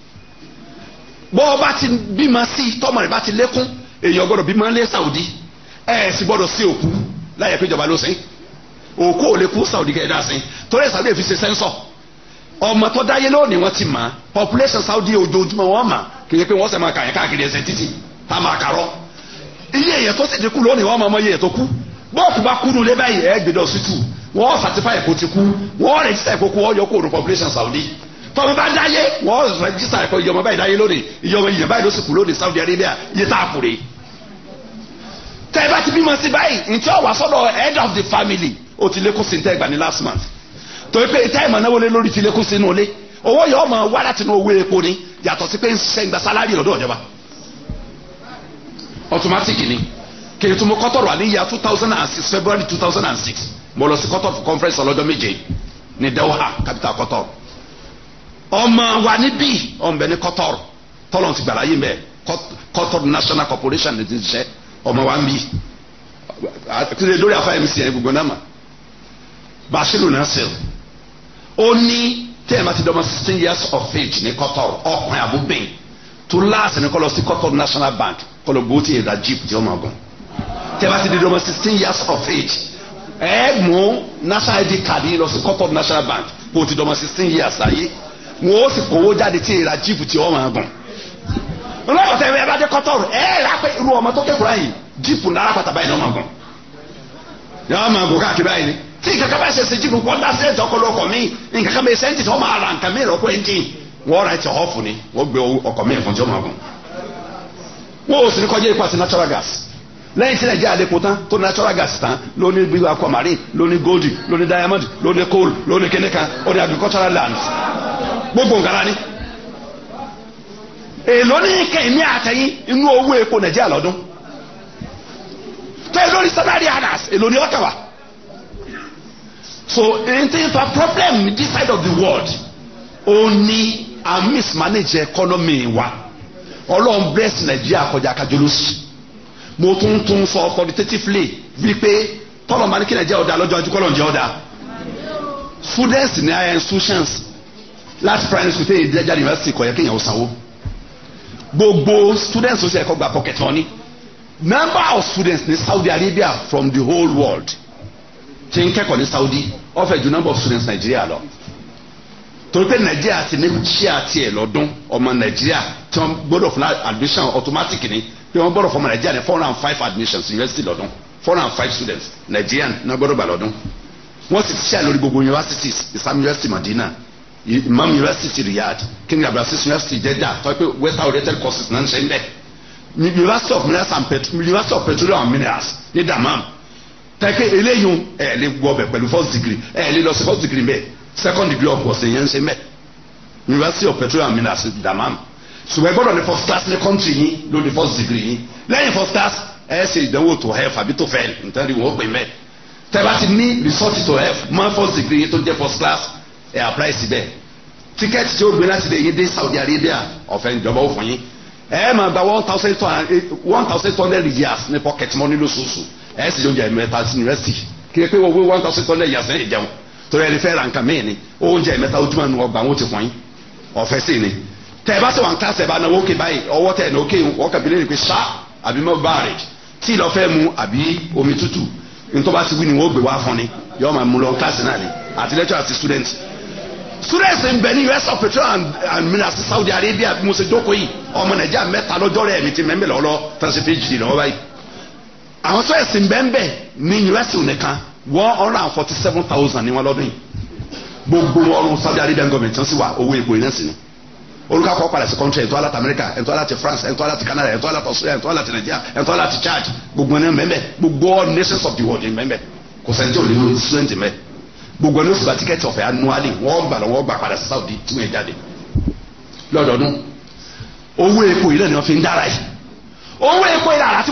bọ́ ọ bá ti bímọ sí tọ́mọ rẹ̀ bá ti lékún èèyàn gbọ́dọ̀ bímọ lé Saudi ẹ̀ sì gbọ́dọ̀ sí òkú láyẹ̀ pé ìjọba ló sìn òkú ò lè kú Saudi kẹ̀dá sìn torí Saudi fi ṣe sẹ́ńsọ̀ ọmọ tó dáyé lónìí wọ́n ti mọ̀ population Saudi ojoojúmọ́ wọ́n mọ̀ kì í ṣe pé wọ́n sẹ̀ máa kà káàkiri ẹsẹ̀ títì tá máa kàrọ́ iye èèyàn tó sì dínkù lónìí wọ́n máa mọ iye èèyàn tó kú bọ́ọ̀kù bá kú nulẹ̀ báyìí ẹ̀ gbẹdọ̀ ọ̀sìtù wọ́n certify kó ti kú wọ́n register ẹ̀kọ́ kú wọ́n yọ kó nu population Saudi tọ́mọ bá dáyé wọ́n register ẹ̀kọ́ ìyọmọ báyìí dáyé lónìí ìyọmọ ìyẹn báyìí ló sì kú lónìí Saudi Arabia iye tá a kúre. tẹ́ ẹ bá ti bímọ sí báyìí ntí ọ̀wà sọ́dọ̀ head of the family ó ti lékún sí ntẹ́gbà ní last month torí pé ìtẹ́ ìmọ̀ náwó lé lórí ti lékún sínú ilé owó yọ ọmọ wá láti inú owó epo ni yàtọ̀ sí pé ń sẹ́ńgbà sálárì lọ́dọ̀ ìjọba automatic ni kèétu mo kọ́tọ̀rọ̀ àníyá two thousand and six february two thousand and six mo lọ sí kọ́tọ̀ conference ọlọ́jọ́ méje ní Doha capital kọ́tọ̀ ọmọ wa níbí ọmọbẹ ní kọ́tọ̀ tọ́lọ̀ ti gbàlá yìí mẹ́ kọ́tọ̀ national corporation ní ti ṣe ọmọ wa níbí àtúndé lórí afa mc gbogbo náà mà Bashiru Nasir ó ní tẹ́ẹ̀mà ti dọ́mọ sixteen years of age ní kọ́tọ̀ ọkùnrin àbúbẹ̀yìn tó láàsì ní kọ́lọ́ sí kọ́tọ̀ national bank kọ́lọ́ gbòó ti yẹ da jeep tí ó mọ̀ tẹ́lá ti di ọmọ sixteen years of age ẹ mú national id card yìí lọ sí court of national bank kó o ti dọmọ sixteen years ayé wọn ó sì kówó jáde tí ìra jíìpù tí ọ máa gùn lọ́wọ́ tẹ ẹ bá dé kọ́tọ́ rẹ ẹ rà pé irú ọmọ tó kẹ́kọ̀ọ́ yìí jíìpù náírà pàtà báyìí náà máa gùn yàrá máa gùn káàkiri báyìí ni tí nǹkankan bá ṣe ṣe jíìpù wọ́n dá sẹ́ǹtì ọkọlọ́kọ̀ mi nǹkankan bá sẹ́ǹtì tí wọ́n máa ra nǹkan mi rọ́pò ẹ̀ńtì wọ́n ra ẹ̀tì ọ̀hún fún ni wọ́n gbé ọkọ̀ mi fún tí wọ́n máa gùn wọ́n ò sì ní kọjá ipò àti natural gas lẹ́yìn tí nàìjíríà lè po tán tó natural gas tán ló ní bí aquamarine ló ní gold ló diamond ló coal ló ní kíní agricultural land gbogbo nǹkan ni. èèló ní kẹ́hìnmí àtẹ̀yìn inú owó epo nàìjíríà lọ́dún tẹ́ lórí salary earners èèló ní ọ̀tàwà. so it is a problem this side of the world ó ní a mismanage economy wa ọlọ́run bless nàìjíríà kọjá kájọlósì mo tún tún sọ qualitatively wípé tọ́lọ̀ máa ní kí nàìjíríà ọ̀dà lọ́jọ́ ajú kọ́lọ̀ ń jẹ́ ọ̀dà students ní higher institutions láti primary school tẹ́yìn ìdíjà university kọ̀ yẹ kéèyàn ó sanwó gbogbo students ó sì ẹ̀kọ́ gba pocket money number of students ní Saudi Arabia from the whole world ti ń kẹ́kọ̀ọ́ ní Saudi ó fẹ̀ ju number of students Nàìjíríà lọ torí pé Nàìjíríà ti ní ṣíà tiẹ̀ lọ́dún ọmọ Nàìjíríà tí wọ́n gbọ́dọ̀ fún admission automatic ni pé wọ́n bọ̀rọ̀ fọmọ nàìjíríà ní four hundred and five admissions university lọ́dún four hundred and five students nàìjíríà náà gbọ́dọ̀ gbà lọ́dún wọ́n sì ṣíà lórí gbogbo universities islam university madina imam university riyadh king abdulaziz university jeddah tó pé western courses náà ń ṣe ń bẹ̀ university of minerals and petroleum university of petroleum and minerals ní damam tẹ́kẹ́ eléyìí ẹ̀ lè gbọ́ bẹ̀ pẹ̀lú first degree ẹ̀ lè lọ sí first degree bẹ́ẹ̀ second degree of course èèyàn ń ṣe mẹ́ university of petroleum and minerals damam ṣùgbọ́n ẹ gbọ́dọ̀ ní first class ní country yín ló ní first degree yín lẹ́yìn first class ẹ ṣe ìdánwò to help àbí to fail nítorí wọ́n pè mẹ́ tẹ́ bá ti ní resort to help mọ́ first degree yín tó jẹ́ first class ẹ apply síbẹ̀ tíkẹ́ẹ̀tì tí ó gbé láti lè yín dé Saudi Arabia ọ̀fẹ́ ìjọba ó fún yín ẹ máa gba one thousand one thousand two hundred years ní pocket money lóṣooṣù ẹ sì jọ jẹ mẹ́ta university kí ẹ pé wọ́n wé one thousand two hundred years ẹ̀ jẹun torí ẹni fẹ́ ra nǹkan mẹ́ẹ̀ ni oúnjẹ mẹ́ta ojúmọ́ nu ọgbà wọn ti fún yín ọ̀fẹ́ sí ni tẹ ẹ bá sọ wọn kílásì ẹ bá náwó òkè báyìí ọwọ́ tẹ ẹ náà òkè wọn kàn bílẹ̀ pé sá àbí mọ́ báàrẹ̀ tí lọ fẹ́ mu àbí omi tútù nítorí ti wí ni wọ́n gbé wá fún ni yọ máa mú lọ kílásì náà ni àti lecture àti student students ń bẹ ní us of petrol and and minerals Saudi Arabia bí mo ṣe jókòó yìí ọmọ Nàìjíríà mẹ́ta lọ́jọ́ rẹ̀ mi ti mẹ́mẹ́ lọ́lọ́ tẹ̀sí péjì lọ́wọ́ báyìí àwọn students ń bẹ ń Saudi Arabian government wọ́n sì wà owó epo orúkọ akọ padà sí kọ́ńtì ẹ̀ńtọ́ aláti amẹ́ríkà ẹ̀ńtọ́ aláti france ẹ̀ńtọ́ aláti canada ẹ̀ńtọ́ aláti australia ẹ̀ńtọ́ aláti nigeria ẹ̀ńtọ́ aláti chad gbogbo ẹni mẹ́mẹ́ gbogbo all nations of the world mẹ́mẹ́ kò sẹ́ni tí ò lè ní student mẹ́ gbogbo ẹni òṣùgbà tíkẹ́tì ọ̀fẹ́ annually wọ́n gbà lọ́wọ́ gbà padà sí saudi tí wọ́n jáde lọ́dọọdún owó epo yìí náà ni wọ́n fi ń dára yìí owó epo yìí náà àti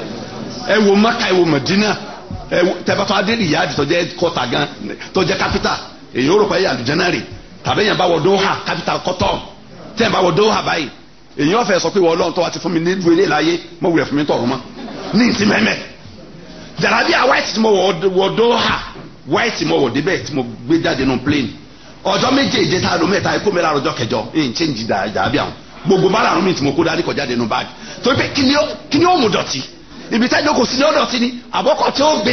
gbogbo wo maka ah, ẹ wo madina tẹ́bàtà adé ni yáàdì tó jẹ́ kọ́tà gan tó jẹ́ kápítà èyí ó rò pé àlùjẹ́nárì tàbí èyàn bá wọ dóhà kápítà kọ́tọ̀ tẹ́yìn bá wọ dóhà báyìí èyí ó fẹ́ sọ pé wọ́n lọ́n tó wá ti fún mi nílùú ilé láyé mọ̀ wúlẹ̀ fún mi tọ̀rọ̀ mọ́ ní ìsí mẹ́mẹ́ jàlábí à white tí mo wọ dóhà white mo wọ débẹ̀ tí mo gbé jáde nù plane ọjọ́ méjèèjì tá a lò mẹ́ta ikú mi lára ọjọ́ kẹjọ èyí ń change jàlábí àwọn gbogbo bá làrún mi tí mo kó dání kọjá dénú báàgì torí pé kí ni ó mú dọ̀tí ibi tá ìjókòó sí lọ́dọ̀ sí ni àbọ̀kọ̀ tí ó gbé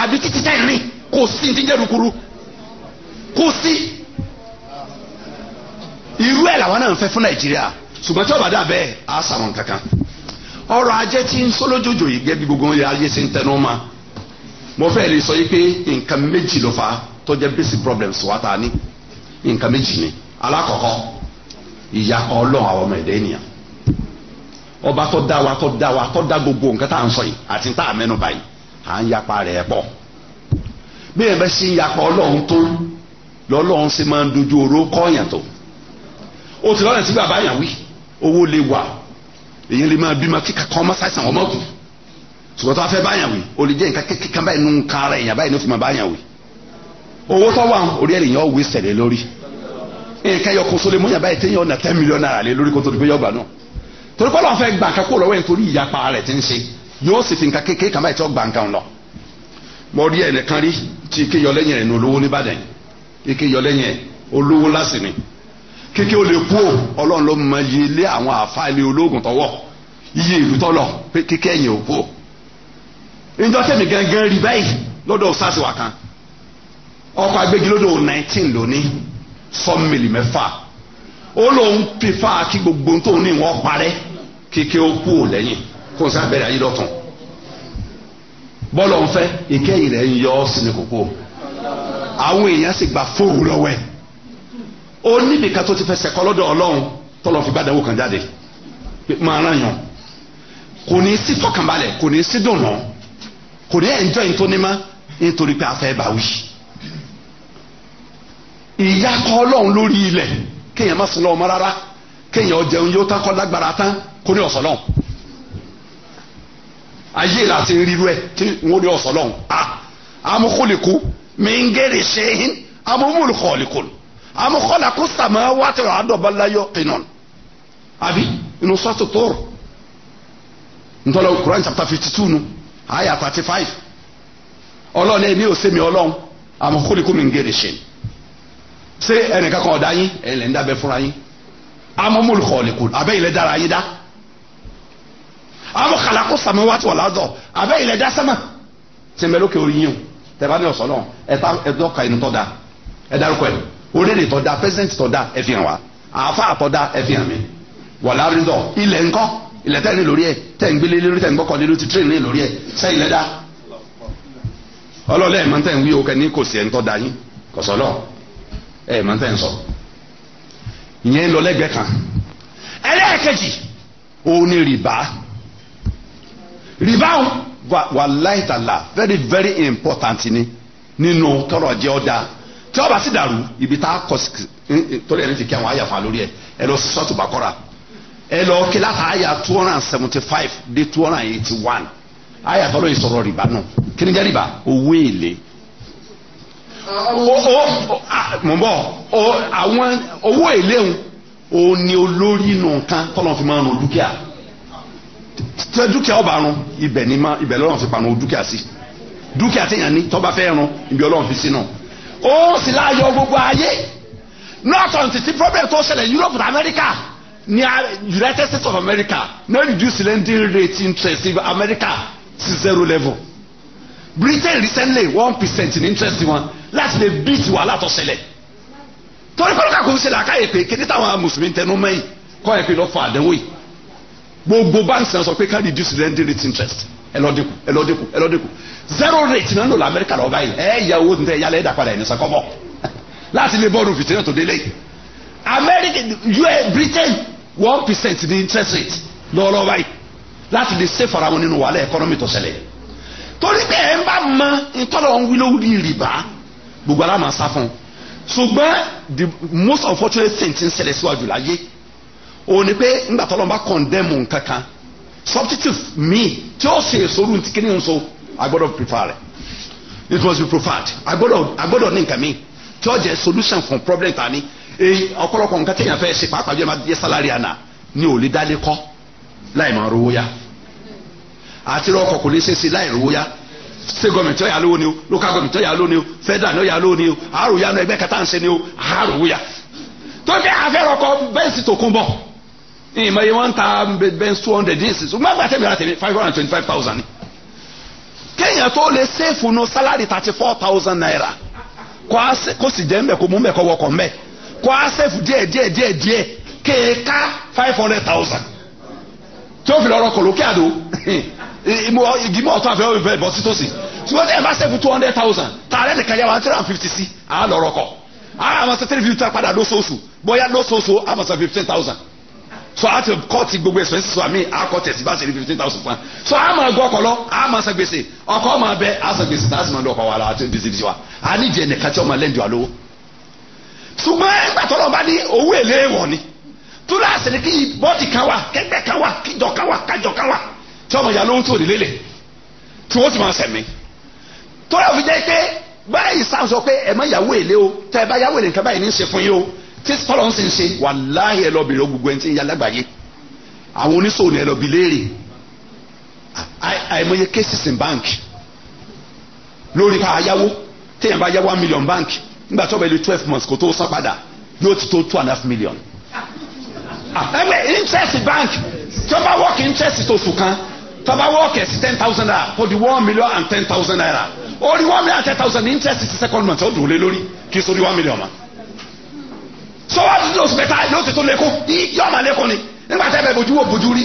àbí títí tá ìrìn kò sí ti jẹ́ rukuru kò sí. irú ẹ̀ làwọn náà ń fẹ́ fún nàìjíríà ṣùgbọ́n tí ọ̀bàdà bẹ́ẹ̀ á sàwọn kankan ọrọ̀ ajé tí ń sólójòjò yìí gẹ́gẹ́ bí gbogbo ayé ṣe ń tẹnu ma mo fẹ́ lè sọ yìí pé nǹkan méjì ló fa tó jẹ́ basic problems wa ta ni nǹkan méjì ni alákọ̀ọ́kọ́ ìyá ọlọ́run àwọn ọmọ ẹ̀dá ènìyàn ọba tó dá wa tó dá wa tó dá gbogbo nǹkan tá à ń sọ yìí àti tá à mẹ́nu báyìí à ń yapa rẹ̀ pọ̀ bí ẹ bẹ ṣe ń yapa ọlọ́run tó lọ́lọ́run ṣe máa ń dojú oró kọ́ọ̀yàn tó o ti lọ́nà tí bàbá yàn wí owó lè wà èyí lè máa bímọ kíkà kọ́ ọmọ sáìsàn ọmọ kù ṣùgbọ́n tó a fẹ́ bá yàn wí o lè jẹ́ nǹkan kékeré kan báyìí nù ń kára èèyàn báyìí ní o fi máa bá yàn wí owó tó wà orí ẹ̀ lè yàn ó sẹ̀lẹ̀ lórí nǹkan yọkùn sólè mọ́yàn báyìí téèyàn ọ̀nà ten million naira lé lórí kó tó di pé yọ̀gbà náà torí pọ́lọ́ fẹ́ gbà kan kó lọ́wọ́ yẹn torí ìyapa rẹ̀ ti ń ṣe yóò sì fi nǹkan kékeré kan báyìí tó gbà nǹkan lọ. mo rí ẹnìkan rí tí ike yọ lẹ́yìn ẹ̀ ní olówó nìbàdàn ike yọ lẹ́yìn ẹ̀ olówó lásì ni kéke ó lè kú o ọlọ́run ló mọ iye ilé àwọn àfa ilé ológun tọwọ́ iye ìlú tọ́lọ̀ pé kéke ẹ̀yìn ò kú o. ìjọ tẹ̀mí gangan rí báyìí lọ́dọ̀ sásìwà kan ọkọ̀ agbégilódò nineteen lónìí sọ́mìlì mẹ́fà ó lóun pèfà kí gbogbo tóun ní ìwọ̀n parẹ́ kíkẹ́ ó kú ò lẹ́yìn kó n sábẹ́rẹ́ ayé lọ́tàn bọ́lọ̀ ń fẹ́ ìkẹyìn rẹ̀ ń yọ ọ́ sínú kókó àwọn èèyàn sì gba fóònù lọ́wọ́ ẹ̀ ó níbìkan tó ti fẹsẹ̀ kọ́ lọ́dọ̀ ọlọ́run tọ́lọ́ fi gbàdánwò kan jáde máa ràn yàn kò ní sí fọkànbalẹ̀ kò ní sí dùnà kò ní ẹ̀ńjọ́ yìí tó ní mọ́ nítorí pé a fẹ́ bá wí ìyá kọ́ ọlọ́run lórí ilẹ̀ kéèyàn má sin lọ́wọ́ mọ́ rárá kéèyàn ọjẹun yóò tán kọ́ lágbára tán kó ní ọ̀sọ̀ lọ́hùn ayé la ti rí rẹ tí wọn ní ọ̀sọ̀ lọ́hùn a amúkúlìkù mẹ́ngẹ́rì ṣẹ́yìn amúmúlùkọ̀ọ̀lìkù amúkọ́làkù sàmáwátì rà dọ̀bálayọ̀ kìnnàn àbí inú sọ́tò tóòrò ntọ́lọ́ Quran chapter fifty two nu àyà thirty five ọlọ́ọ̀ni ẹ̀mí ò sẹ́mi ọlọ́hùn amúkúlìkù mẹ́ngẹ́rì ṣẹ́yìn ṣé ẹnìkan kan ọ̀dá yín ẹ̀ lẹ́ ń dábẹ́ fúnra yín amúmúlùkọ̀ọ̀lìkù àbẹ́yìí dára yín dá àwọn kàlàkó sàmì wá ti wà ládọ̀ àbẹ́ ilẹ̀ dá sẹ́mà tí mẹ́lò kí orí yín o tẹ̀bá ní ọ̀sán náà ẹ ta ẹdọ́ ka inú tọ́ da ẹ dárúkọ ẹ orílẹ̀ tọ́ da pẹ́sẹ́ntì tọ́ da ẹ fi hàn wá àáfà tọ́ da ẹ fi hàn mí wà ládọ̀ ilẹ̀ ńkọ́ ilẹ̀ tẹ́ ní lórí ẹ tẹ́ ń gbélé lórí tẹ́ ń gbọ́kọ̀ lórí ti tírè ní lórí ẹ sẹ́ da ọlọ́ọ̀lẹ́ ẹ̀ máa ń tẹ̀ ń kò sí ẹ̀ da yín kọ̀sọ́ lọ ẹ̀ máa ń kan ẹlẹ́ẹ̀kejì òun ni rìbá rìbáwò wàláhì tàlà very very important ni nínú tọrọ jẹ ọdá tí ọba sì dàrú ibi tá a kọ torí ẹni ti kí àwọn àyàfọ àlórí ẹ ẹ lọ sọtù bàkọrà ẹ lọ kí láti àyà two hundred and seventy five dé two hundred and eighty one àyà tọ́lọ́ yìí sọ̀rọ̀ rìbá náà kí ni jẹ́ rìbá owó èlé mọ̀ bọ̀ àwọn owó èlé òun ni olórí nù kan tọ́lọ́ fi máa ń nù dúkìá tẹ dúkìá ọba run ibẹ̀ ni ma ibẹ̀ lọ́rùn fi panu dúkìá sí dúkìá téèyàn ní tọ́ba fẹ́ run ibi ọlọ́run fi sínú ó sì láàyò gbogbo ayé not until ti problem tó ṣẹlẹ̀ Europe and America ní United States of America no reduce lending rate interest in America sí zero level Britain recently one percent in interest wọn láti lè beat wàhálà tó ṣẹlẹ̀ torí pẹ̀lú kàkó ń ṣẹlẹ̀ àkáyè pé kéde táwọn mùsùlùmí tẹnu mẹ́yìn kọ́ ẹ̀ pé lọ́ fọ àdánwò yìí gbogbo banks náà sọ pé can reduce lending rate interest ẹ lọ dínkù ẹ lọ dínkù ẹ lọ dínkù zero rate náà ń lò lọ amẹ́ríkà lọ báyìí ẹ yà owó tẹ yálẹ̀ ẹ dà padà ẹ̀ ní sakọ́bọ̀ láti lè bọ́ọ̀lù fìtínà tó délé amẹ́ríkà us britain one percent ní interest rate lọ́wọ́lọ́wọ́ báyìí láti lè ṣe fara wọn nínú wàhálà economy tó ṣẹlẹ̀ torí pé ẹ̀ ń bá mọ ìtọ́lọ̀ ń wílò ní rìbá gbogbo aláàmà sá fún un ṣùgbọ́n the most unfortunate thing ti ń ṣẹlẹ̀ síwájú láyé òun ni pé nígbà tó lọ́nba condemn nǹkan kan substitute míì tí ó ṣe èsoru ní kíní nso agbọ́dọ̀ prefer it must be preferred agbọ́dọ̀ agbọ́dọ̀ ní nǹkan míì tí ó solution for problem ta ni e, ọ̀pọ̀lọpọ̀ nǹkan téèyàn fẹ́ ṣe pàápàá jẹ́ máa jẹ́ salary àná ni ò lè dálé kọ́ láì máa rówó yá àti rọ́ọ̀kọ̀ kò lè ṣe sí láì rówó yá state government ni o local government ọ̀yà lówó ni o federal ni o àárò yá ni o àárò ìmọ̀ yẹn wọ́n ta bẹ́ẹ̀ two hundred ní ìsinsìnyí ṣùgbọ́n àgbà tẹ̀mí ara tẹ̀mí five hundred and twenty five thousand ni. kéèyàn tó lè ṣèfù nu sálárì thirty four thousand naira kó sì jẹ́ mbẹ́ kó mú mbẹ́ kó wọkọ̀ mbẹ́ kó á ṣèfù díẹ̀ díẹ̀ díẹ̀ díẹ̀ kéèká five hundred thousand tí ó fi lọ́rọ̀ kọ̀ lókè àdó ìgbìmọ̀ ọ̀tún àfẹ́ òfin bọ̀ sí tòsí ṣùgbọ́n ẹ bá ṣèfù two hundred thousand tààrẹ́ nìkan yà one three and fifty sí thousand so a ti kọ́ọ̀tì gbogbo expenses wa mi a kọ́ọ̀tì ẹ̀sìn bá ṣe ní fifteen thousand fún so a máa gbọ́ ọkọ̀ lọ a máa san gbèsè ọkọ̀ máa bẹ a san gbèsè náà a sì máa lọ ọkọ̀ wa la àti bisi bisi wa a ní ìdí ẹnìkan tí ọmọ lẹ́ndì wa lówó ṣùgbọ́n ẹgbà tọ́lọ̀ bá ní owó èlé wọ̀ ni túláàsì ni kí bọ́ọ̀tì kan wà kẹgbẹ́ kan wà kíjọ kan wà kájọ kan wà tí ọmọ ìyá lówó tó rí lélẹ̀ tí wọ́n ti máa sẹ̀mí tọ́lọ̀ fi jẹ́ pé báyìí sáà sọ pé ẹ̀ má yàwó èlé o tẹ́ ẹ bá yàwó èlé tí sọlọ ń sìn ṣe wàláhì ẹ lọ bèrè gbogbo ẹni tí ń ya lágbàáyé àwọn oníṣòwò ni ẹ lọ léèrè àìmọye cases in bank lórí pa ayáwó téèyàn bá yá one million bank nígbà tó bá twelve months kó tó san padà yóò ti tó two and a half million ah, ẹgbẹ́ interest bank tí wọ́n bá work interest oṣù kan tí wọ́n bá work ẹ̀ sí ten thousand naira for the one million and ten thousand naira ó one million and ten thousand interest sí second month ó dùn lé lórí kí n sọ rí one million ma sọwọ́ lóṣù mẹ́ta lóṣù tó lékún yọ máa lékún ni nígbà tẹ́ bẹ́ẹ̀ bojú wo bojú rí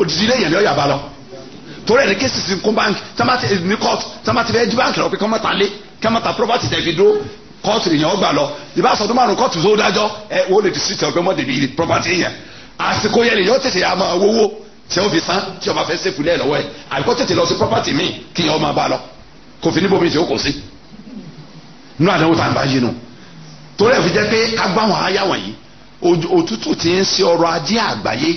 òdìdí lẹ́yìn ni ó yà bá lọ. torí ẹni kéésì sí kún báńkì tamati ní kóòtù tamati fẹ́ẹ́ jí báńkì lọ pé kí wọ́n ta lé kí wọ́n ta property tẹ̀ fi dúró kóòtù lèyìn ọgbà lọ ìbá sọdún márùn kóòtù tó dájọ́ ẹ wọ́n lè dìsí tẹ̀ ọgbẹ́ mọ́ débi property yẹn àsìkò yẹn lèyìn mi tí ó kò sí. nú àdánwò tá à ń bá torí ẹ̀ fi jẹ́ pé ká wọn aya wọ̀nyí òtútù tí ń ṣe ọrọ̀ ajé àgbáyé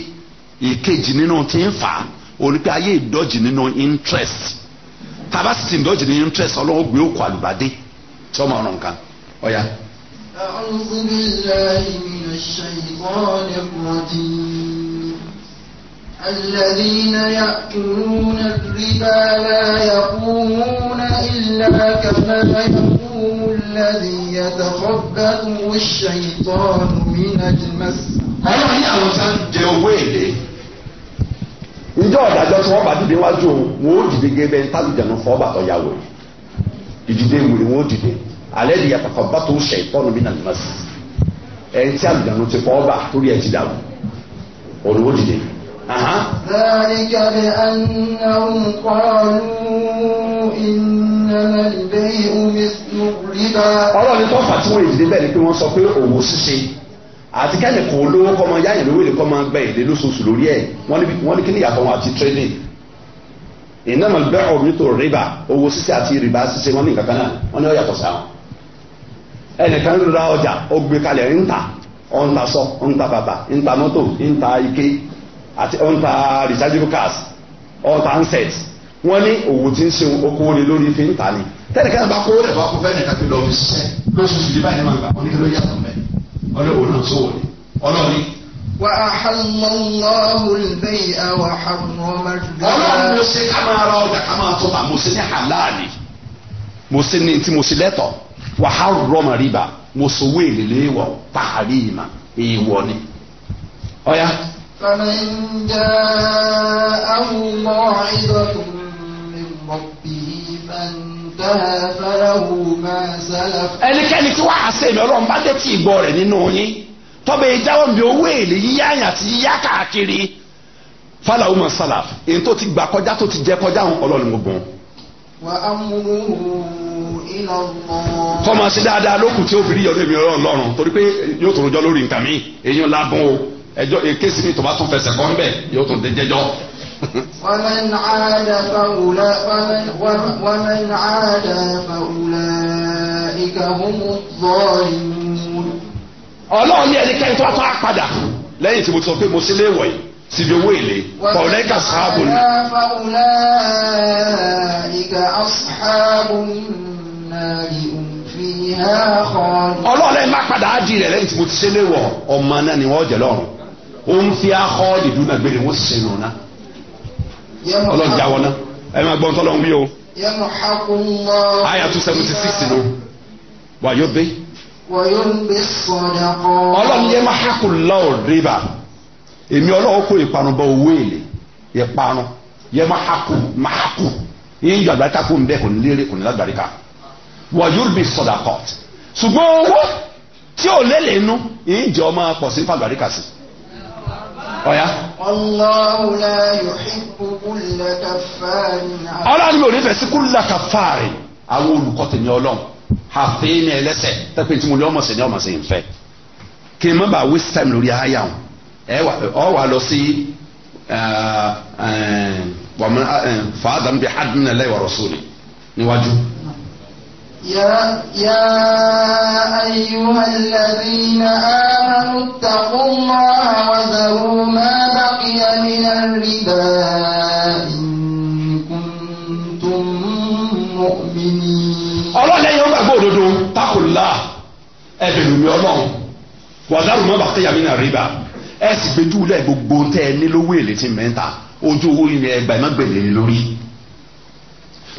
ìkejì nínú tí ń fà á onípe ayé ìdọ́jì nínú interest tàbá sì ti ìdọ́jì nínú interest ọlọ́wọ́ gbé òkú àlùbádé tí ọmọ ọ̀ràn kan ọ̀ya. الذين يأكلون الربا لا يقومون إلا كما يقوم الذي يتخبطه الشيطان من المس. ọlọ́run ní àwọn tá ń jẹ owó èlé ìjọ ọ̀dàjọ́ tí wọ́n bá dìde wájú òun wọn ó dìde gẹ́gẹ́ bẹ́ẹ̀ ntálùjẹ̀nu fọ́ bàtọ̀ ya wò ìdìde wòlé wọn ó dìde alẹ́ di yàtọ̀kọ̀ bàtọ̀ ṣẹ̀tọ́nù mi nàní mọ́sí ẹ̀ ń tí àlùjẹ̀nu ti fọ́ bà torí ẹ̀ ti dà wọ́n òun ó dìde. ذلك بأنهم قالوا إن ọlọ́run tó fà tí wọ́n èdè bẹ́ẹ̀ ni pé wọ́n sọ pé òwò ṣíṣe àti kẹ́lẹ̀ kò lówó kọ́ máa yáyìn lówó èlé kọ́ máa gba èlé lóṣooṣù lórí ẹ̀ wọ́n ní kí ni ìyàtọ̀ wọn àti trading ìnáma bẹ́ẹ̀ ọ̀rùn nítorí rìbá owó ṣíṣe àti rìbá ṣíṣe wọ́n ní nǹkan kan náà wọ́n ní ó yàtọ̀ sáwọn ẹnìkan ló ra ọjà ó gbé kalẹ̀ ń ta ó ń ta sọ ó ń ta bàbà ń mọ́tò ń ike àti ó rechargeable cars ó handsets wọ́n ní òwò tí ń ṣe okòwò ni lórí fi ń tà ní. tẹ́nìkan bá kówó lẹ̀ bá kó fẹ́ẹ́ nìka fi lọ fi ṣiṣẹ́ lóṣooṣù ní máa gbà wọ́n ní kí yàtọ̀ mẹ́ ọlọ́wọ́ náà sọ̀wọ́ ni ọlọ́ọ̀ni. wà á hàmọ́ lọ́hùn bẹ́ẹ̀ àwọn àmọ́ máa dùn. ọlọ́run mo ṣe ká máa ọjà ká máa tó bá mo ṣe ní halali mo ṣe ní ربه من انتهى فله ما سلف. ẹnikẹ́ni tí wàá ṣe ìmọ̀ ọlọ́run bá dé tí ìgbọ́ rẹ̀ nínú yín tọ́bẹ̀ ìjáwọ́ mi owó èlé yíyá àyàn àti yíyá káàkiri fàlàwù mọ̀ sálàf èyí tó ti gbà kọjá tó ti jẹ kọjá àwọn ọlọ́run gbogbo. wà á mú iná mọ́. kọ́mọ sí dáadáa lókùn tí obìnrin yọ̀dọ̀ èmi ọlọ́run lọ́rùn torí pé yóò tó rojọ́ lórí nǹkan mi èyí ńlá o ẹjọ́ èké mi tó bá tún fẹsẹ̀ kọ́ ńbẹ̀ yóò tún dé jẹ́jọ́. ومن عاد فأولئك ومن عاد فأولئك هم الظالمون ọlọ́run ní ẹnikẹ́ni tó wá tó á padà lẹ́yìn tí mo sọ pé mo sí léèwọ̀ yìí síbi owó èlé fọ̀ọ́lẹ́kà sáàbù ni. فأولئك أصحاب النار هم فيها خالدون. ọlọ́ọ̀lẹ́ má padà á di rẹ̀ lẹ́yìn tí mo ti ṣe léèwọ̀ ọmọ náà ni wọ́n jẹ lọ́rùn ó ń fi ahọ́ọ̀lì dúnàgbére wọ́n sì ṣe náà ọlọ́run já wọn náà ẹ máa gbọ́n tọ́lọ́run wí o. àyà two seventy six ló wà yóò bẹ́. ọlọ́run yẹ máa hákù lọ́ọ̀ rìbá èmi ọlọ́run kó ìparun bọ owó èlé ìparun yẹ máa hákù máa hákù yín yọ àgbàtà kó n kò ní lérè kò ní lágbàríkà wà yóò bẹ́ sọ̀dà kọ́t ṣùgbọ́n owó tí ò lélẹ̀ inú ìjọ máa pọ̀ sí fàgbàríkà sí ọ̀yá. ọlọ́run mi ò nífẹ̀ẹ́ sí kúlẹ̀ kàfàárì àwọn olùkọ́ tèmi ọlọ́run àfihàn ẹlẹ́sẹ̀ tẹ́pẹ́ tí mo ní ọmọ sí ní ọmọ sí nfẹ́ kí n má bàa waste time lórí àyà wọn ẹ ọ wà lọ sí fàádàmbì hadùn ẹlẹ́wàá rọ̀ sóòlì níwájú. يا, يا أيها الذين آمنوا اتقوا الله وذروا ما بقي من الربا إن كنتم مؤمنين ọlọ́lẹ́yìn ọgbà gbòdodo takola ẹ̀bẹ̀rù mi ọlọ́run wàdàrú má bàa tẹ̀yà mí nà rìbá ẹ̀ sì gbẹdú lẹ̀ gbogbo tẹ̀ ẹ ní lówó èlé tí mẹ́ta ojú owó yẹn ẹgbàá ẹ̀ má gbẹ̀lẹ̀ lórí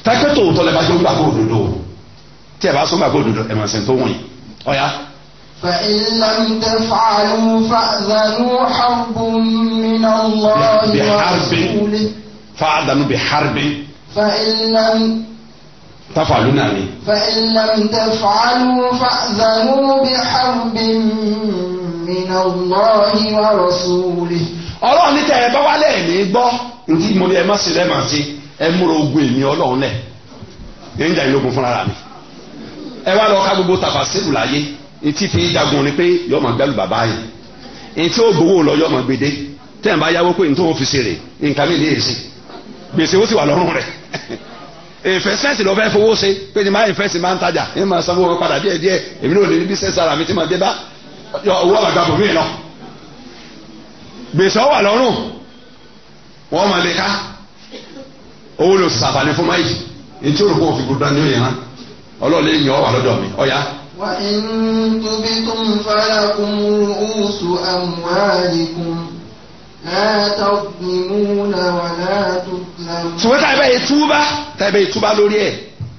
tẹ́kẹ́tò tọ́lẹ̀ bá jẹ́ ọgbà gbòdodo tí ẹ bá sọ gbàgbọ́ òdodo ẹ máa ṣe tó wọ̀nyí ọ̀yá. فإن لم تفعلوا فأذنوا حرب من الله ورسوله فأذنوا بحرب فإن لم تفعلوا نعم فإن لم تفعلوا فأذنوا بحرب من الله ورسوله ọlọ́run ní tẹ̀ ẹ bá wálé ẹ̀ ní gbọ́ nítí mo ní ẹ má ṣe lẹ́ẹ̀ máa ẹ múra ogun èmi ọlọ́run lẹ̀ ẹ̀ ń jà ìlógun fúnra mi ẹ wá lọ ká gbogbo tàfàṣẹ́lù láyé etí fi jagun ni pé yọ ọmọ gbẹlú bàbá yẹn etí ó gbowó lọ yọ ọmọ gbèdé tẹ́yìn bá yáwó pé ní tó ń fi ṣe rè nǹkan mi ní èsì gbèsè ó sì wà lọ́rùn rẹ̀ ìfẹsẹ̀sì lọ fẹ́ fowó ṣe pé ní máa ìfẹsẹ̀ máa ń tajà ní máa sanwó wọn padà díẹ̀ díẹ̀ èmi náà lè ní bí ara mi ti máa dé bá owó àgbà bò mí lọ gbèsè ó wà lọ́rùn wọ́n máa lè ká owó lò sàfàní fún máyì etí ó òfin gbọdọ̀ ní òye hàn ọlọ́ọ̀lẹ́ yìí ọ wà lọ́dọ̀ mi ọ̀yá. wà á ń tóbi tó ń fara kún rúùsù àmúhàlìkún látọ̀gbìmúnà wà látọ̀gbìmúnà. ṣùgbọ́n táyà bẹ́ẹ̀ túbá táyà bẹ́ẹ̀ túbá lórí ẹ̀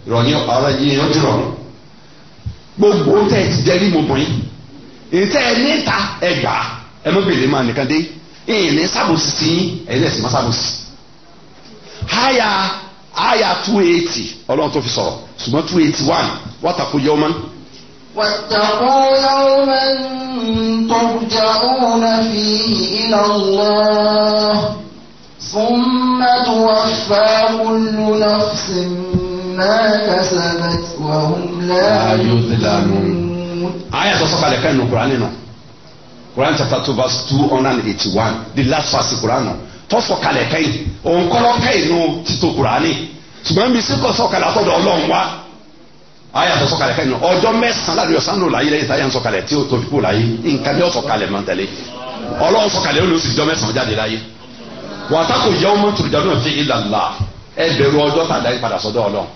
ìrọ̀yìn ọ̀pá yìí yẹn ti rọrùn gbogbo tẹ̀ ti jẹ́rí mo bọ̀ ìtẹ́ níta ẹ ẹ mọ́ bèlè máa nìkan dé ìní sábòsì sí ẹ̀yìn ẹ̀sìn aya two eighty ọlọ́run tó fi sọ̀rọ̀ ṣùgbọ́n two eighty one wàtàkùn yẹ ọmọ. واتقوا يوما ترجعون فيه إلى الله ثم توفى كل نفس ما كسبت وهم لا يظلمون آية تصدق لك أنه قرآن قرآن chapter 2 verse 281 the last verse Quran tó sọ̀kalẹ̀ kẹ́yìn òun kọ́lọ́ kẹ́yìn nu títò kùránì ṣùgbọ́n bí síkọ̀ sọ̀kalẹ̀ àtọ̀dọ̀ ọlọ́run wa ayé àtọ̀ sọ̀kalẹ̀ kẹ́yìn náà ọjọ́ mẹ́sàn-án láti ọ̀sán ló láyé lẹ́yìn táyà ń sọ̀kalẹ̀ tí ó tóbi kú láyé nǹkan bí ó sọ̀kalẹ̀ máa ń tẹ̀lé ọlọ́run sọ̀kalẹ̀ ó lè sì jọ mẹ́sàn-án jáde láyé wàtàkùn yẹ ọmọ tùrùjà náà fi ilà ńlá ẹ bẹ̀rù ọjọ́ tàdá padà sọ́dọ̀ ọlọ́run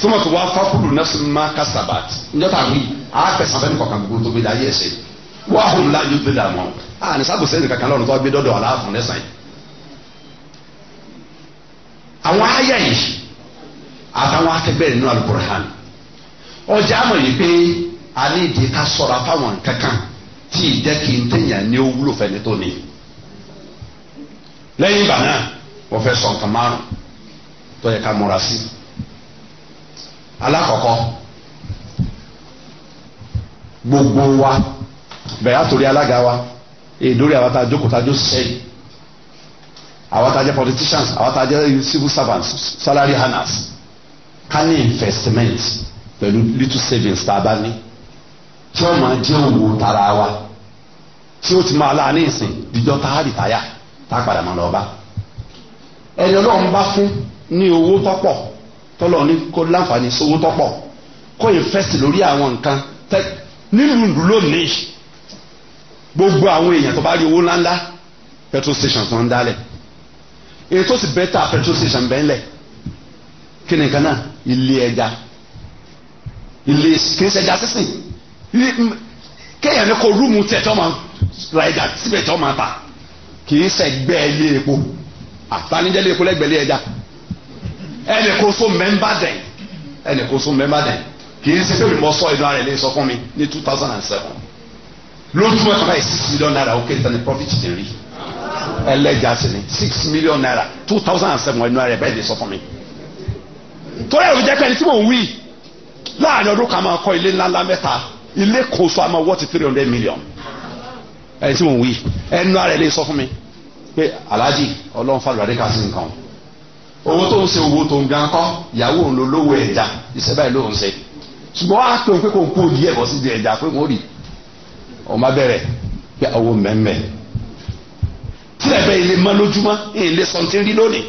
súnmọ́ tó wá fákúlù náà sì máa kásábàt ńjọ́ta wí àá pẹ̀sán wọ́n àhùn láàyè ó ah, gbélé àwọn àní sábòsẹ́ nìkan kan lọ́rùn tó gbé dọ́dọ̀ aláàfin lẹ́sàn-án àwọn àyà yìí àtàwọn akẹgbẹ́ nínú alukur'an ọjà àmọ̀ yìí pé alẹ́ ìdí ká sọ̀rọ̀ afáwọn kankan tí ìjẹ́ kí n tẹ̀yàn ní ó wúlò fẹ́ni tó ní. lẹ́yìn ìgbà náà wọ́n fẹ́ sọ nǹkan márùn tó yẹ ká múra sí. alákọ̀ọ́kọ́ gbogbo wa bẹ̀rẹ̀ àtòrí alága wa èdórí àwọn tá a jókòó tá a jó sẹ́yìn àwọn tá a jẹ́ politicians àwọn tá a jẹ́ civil servants salary earners ká ní investment pẹ̀lú little savings tá a bá ní tí ó máa jẹ́ òwò tara wa tí ó ti máa la ní ìsìn díjọ́ tá a rìtáyà tá a padà máa lọ bá ẹni ọlọ́run bá fún ní owó tọ́pọ̀ tọ́lọ́ ní kó láǹfààní sówó tọ́pọ̀ kó invest lórí àwọn nǹkan tẹ́ nílùú lónìí gbogbo àwọn èèyàn tó bá rí owó ńláńlá petrol station tó ń dálẹ̀ èyí tó sì bẹ́tà petrol station bẹ́ẹ̀ lẹ̀ kí ni nǹkan náà ilé ẹja ilé kì í ṣe ẹja sísìn kéèyàn ní kó rúùmù tẹ̀ tó máa ra ẹja síbẹ̀ tó máa ta kì í ṣẹgbẹ́ ilé epo àtàníjẹ́ ilé epo lẹ́gbẹ̀ẹ́ ilé ẹja ẹnì kó so mẹ́mbà dẹ̀ ẹnì kó so mẹ́mbà dẹ̀ kì í ṣe pé mo sọ ìdúrà rẹ̀ lè sọ fún mi ní two thousand and seven ló tún ẹ̀ka báyìí six million naira ó kéré tán ní profit ti rí ẹlẹ́jà sí ni six million naira two thousand and seven ẹnu ara ẹ̀ bẹ́ẹ̀ ni sọ fún mi. torí ẹ̀rù jẹ́ pé ẹni tí mò ń wí láàrin ọdún kan máa kọ́ ilé ńláńlá mẹ́ta ilé kan so àmọ́ wọ́ọ̀tì three hundred million ẹni tí mò ń wí ẹnu ara ẹ̀ lè sọ fún mi pé aláàjì ọlọ́run fàlùwà dé ká sí nǹkan o owó tó ń ṣe owó tó ń gan kọ́ ìyàwó òun ló lówó ẹ̀dá ìṣẹ́ báyìí ló ń ṣe ṣùgbọ́n wàá pè é pé kò ń kó òdì ẹ̀bọ̀ sí di ẹ̀dá pé wọ́n rí i ọmọ abẹ́rẹ́ pé owó mẹ́mẹ́ tí ẹ bẹ́ ilé mọ́ lójúmọ́ èyí lè sọ ti rí lónìí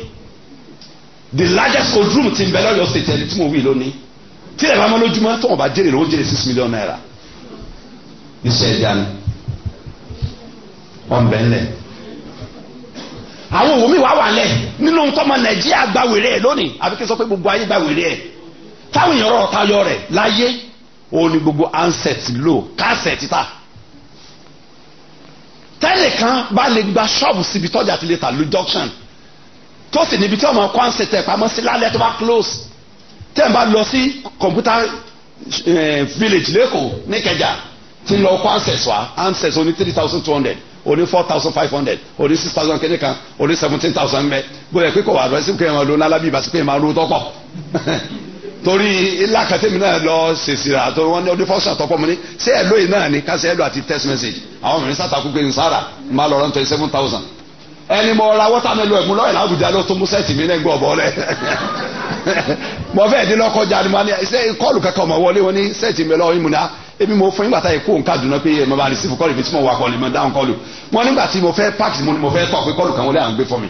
the largest cold room ti ń bẹ lọ́yọ̀ state ẹni tí mo wí lónìí tí ẹ bá mọ́ lójúmọ́ tó wọn bá jèrè lọ́wọ́ jèrè six million naira iṣẹ́ ẹja ni wọ́n bẹ̀ ń lẹ̀ àwọn òwò mi wà wà lẹ̀ nínú ntọ́mọ nàìjíríà gba wèrè ẹ̀ lónìí àbí kí n sọ pé gbogbo ayé gba wèrè ẹ̀ táwọn èèyàn rọrọ̀ tayọ rẹ̀ láyé òun ni gbogbo ansẹ̀tì lò kásẹ̀tì ta tẹ́nìkan bá lè gba ṣọ́ọ̀bù síbi tọ́jà ti lè tà lu junction tó sì níbi tí ọmọ kwanse tẹ̀ pamọ́ sí lálẹ́ tó bá close tẹ́n bá lọ sí computer eh, village lẹ́kọ̀ọ́ níkẹjà ti lọ kó ansẹ̀s wa ansẹ̀s oní three thousand two hundred oní four thousand five hundred oní six thousand kéde kan oní seventeen thousand mẹ́ bóyá pé kò wà lọ sí pé ẹ máa lo pé máa lo tọ́kọ̀ torí ilá kan tèmi náà lọ ṣèṣìrà tó wọn ní ọdún fọsàn tọpọ mọ ní ṣé ẹ lóye náà ni kásẹ ẹ lọ àti text message àwọn mìíràn sàtàkùn pé nsàrà má lọ rán seven thousand ẹni mo ra wọ́tàmẹ́lú ẹ̀gún lọ́yẹ̀ lábùjá ló tó mú sẹ́ẹ̀tì mi lẹ́gbọ́ ọ̀bọ rẹ̀ mo fẹ́ dín lọ́kọ́ jáde ma ní ṣe kọ́ọ̀lù kankan mọ̀ wọlé wọn ní sẹ́ẹ̀tì mi lọ́wọ́ ìmúna ebi mo fún nígbà tá yẹ kó nǹka dùnà pé ẹ mo bá rìsífù kọ́ọ̀lù mi tí mo wà kọ́ọ̀lù mi dáhùn kọ́ọ̀lù wọn nígbà tí mo fẹ́ páàkì mo fẹ́ tọ̀ pé kọ́ọ̀lù kan wọlé à ń gbé fún mi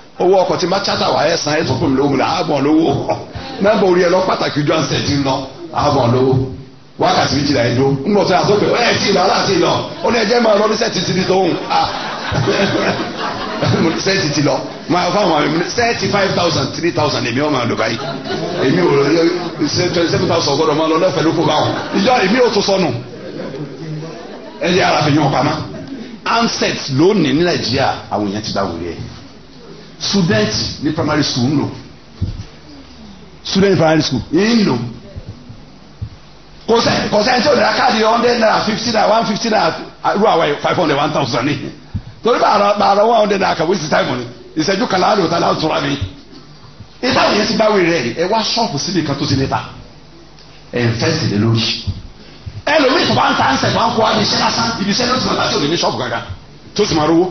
owó ọkọ̀ tí má chátà wà ẹ̀ san ẹ̀ tó fún mi lówó mi àbọ̀n lówó nọ́mbà orí ẹ lọ pàtàkì ojú àǹsẹ̀ ti ń lọ àbọ̀n lówó wákàtí méjìlá ẹ̀ dó ńgbọ̀n tó yà tó pé ẹ̀ tí ì lọ lọ ó ní ẹjẹ́ máa lọ ní sẹ́ẹ̀tì ti di tóun sẹ́ẹ̀tì ti lọ máa fáwọn àmì sẹ́ẹ̀tì five thousand three thousand èmi ọmọ àdó báyìí èmi ò twenty seven thousand gbọ́dọ̀ máa lọ lọ́fẹ̀ẹ́ ló kó báwọn ìjọ èmi ò tó sọnù ẹ yára fi yàn pamọ́ handset lónìí ní nàìjíríà àwọn èèyàn ti dáwọ́ rí student ní primary school ń lò student ní primary school ń lò kò sẹ́ kò sẹ́ tí o káàdì hundred naira fifty naira one fifty naira ru àwọn five hundred one thousand ní torí bàrà bàrà one hundred naira kàwé sí táìmù ni ìṣẹ́jú kan láàrin òtá láàrin tóra mi ìtàwọn yẹn ti bá wí rẹ̀ ẹ wá ṣọ́ọ̀bù síbi kan tó ti níta ẹ̀ ń fẹ́sì lé lórí ẹlòmíì tó bá ń ta ń sẹ̀ bá ń kó ibi iṣẹ́ lásán ibi iṣẹ́ ló ti máa ta tí ò ní ní ṣọ́ọ̀bù kankan tó ti máa rówó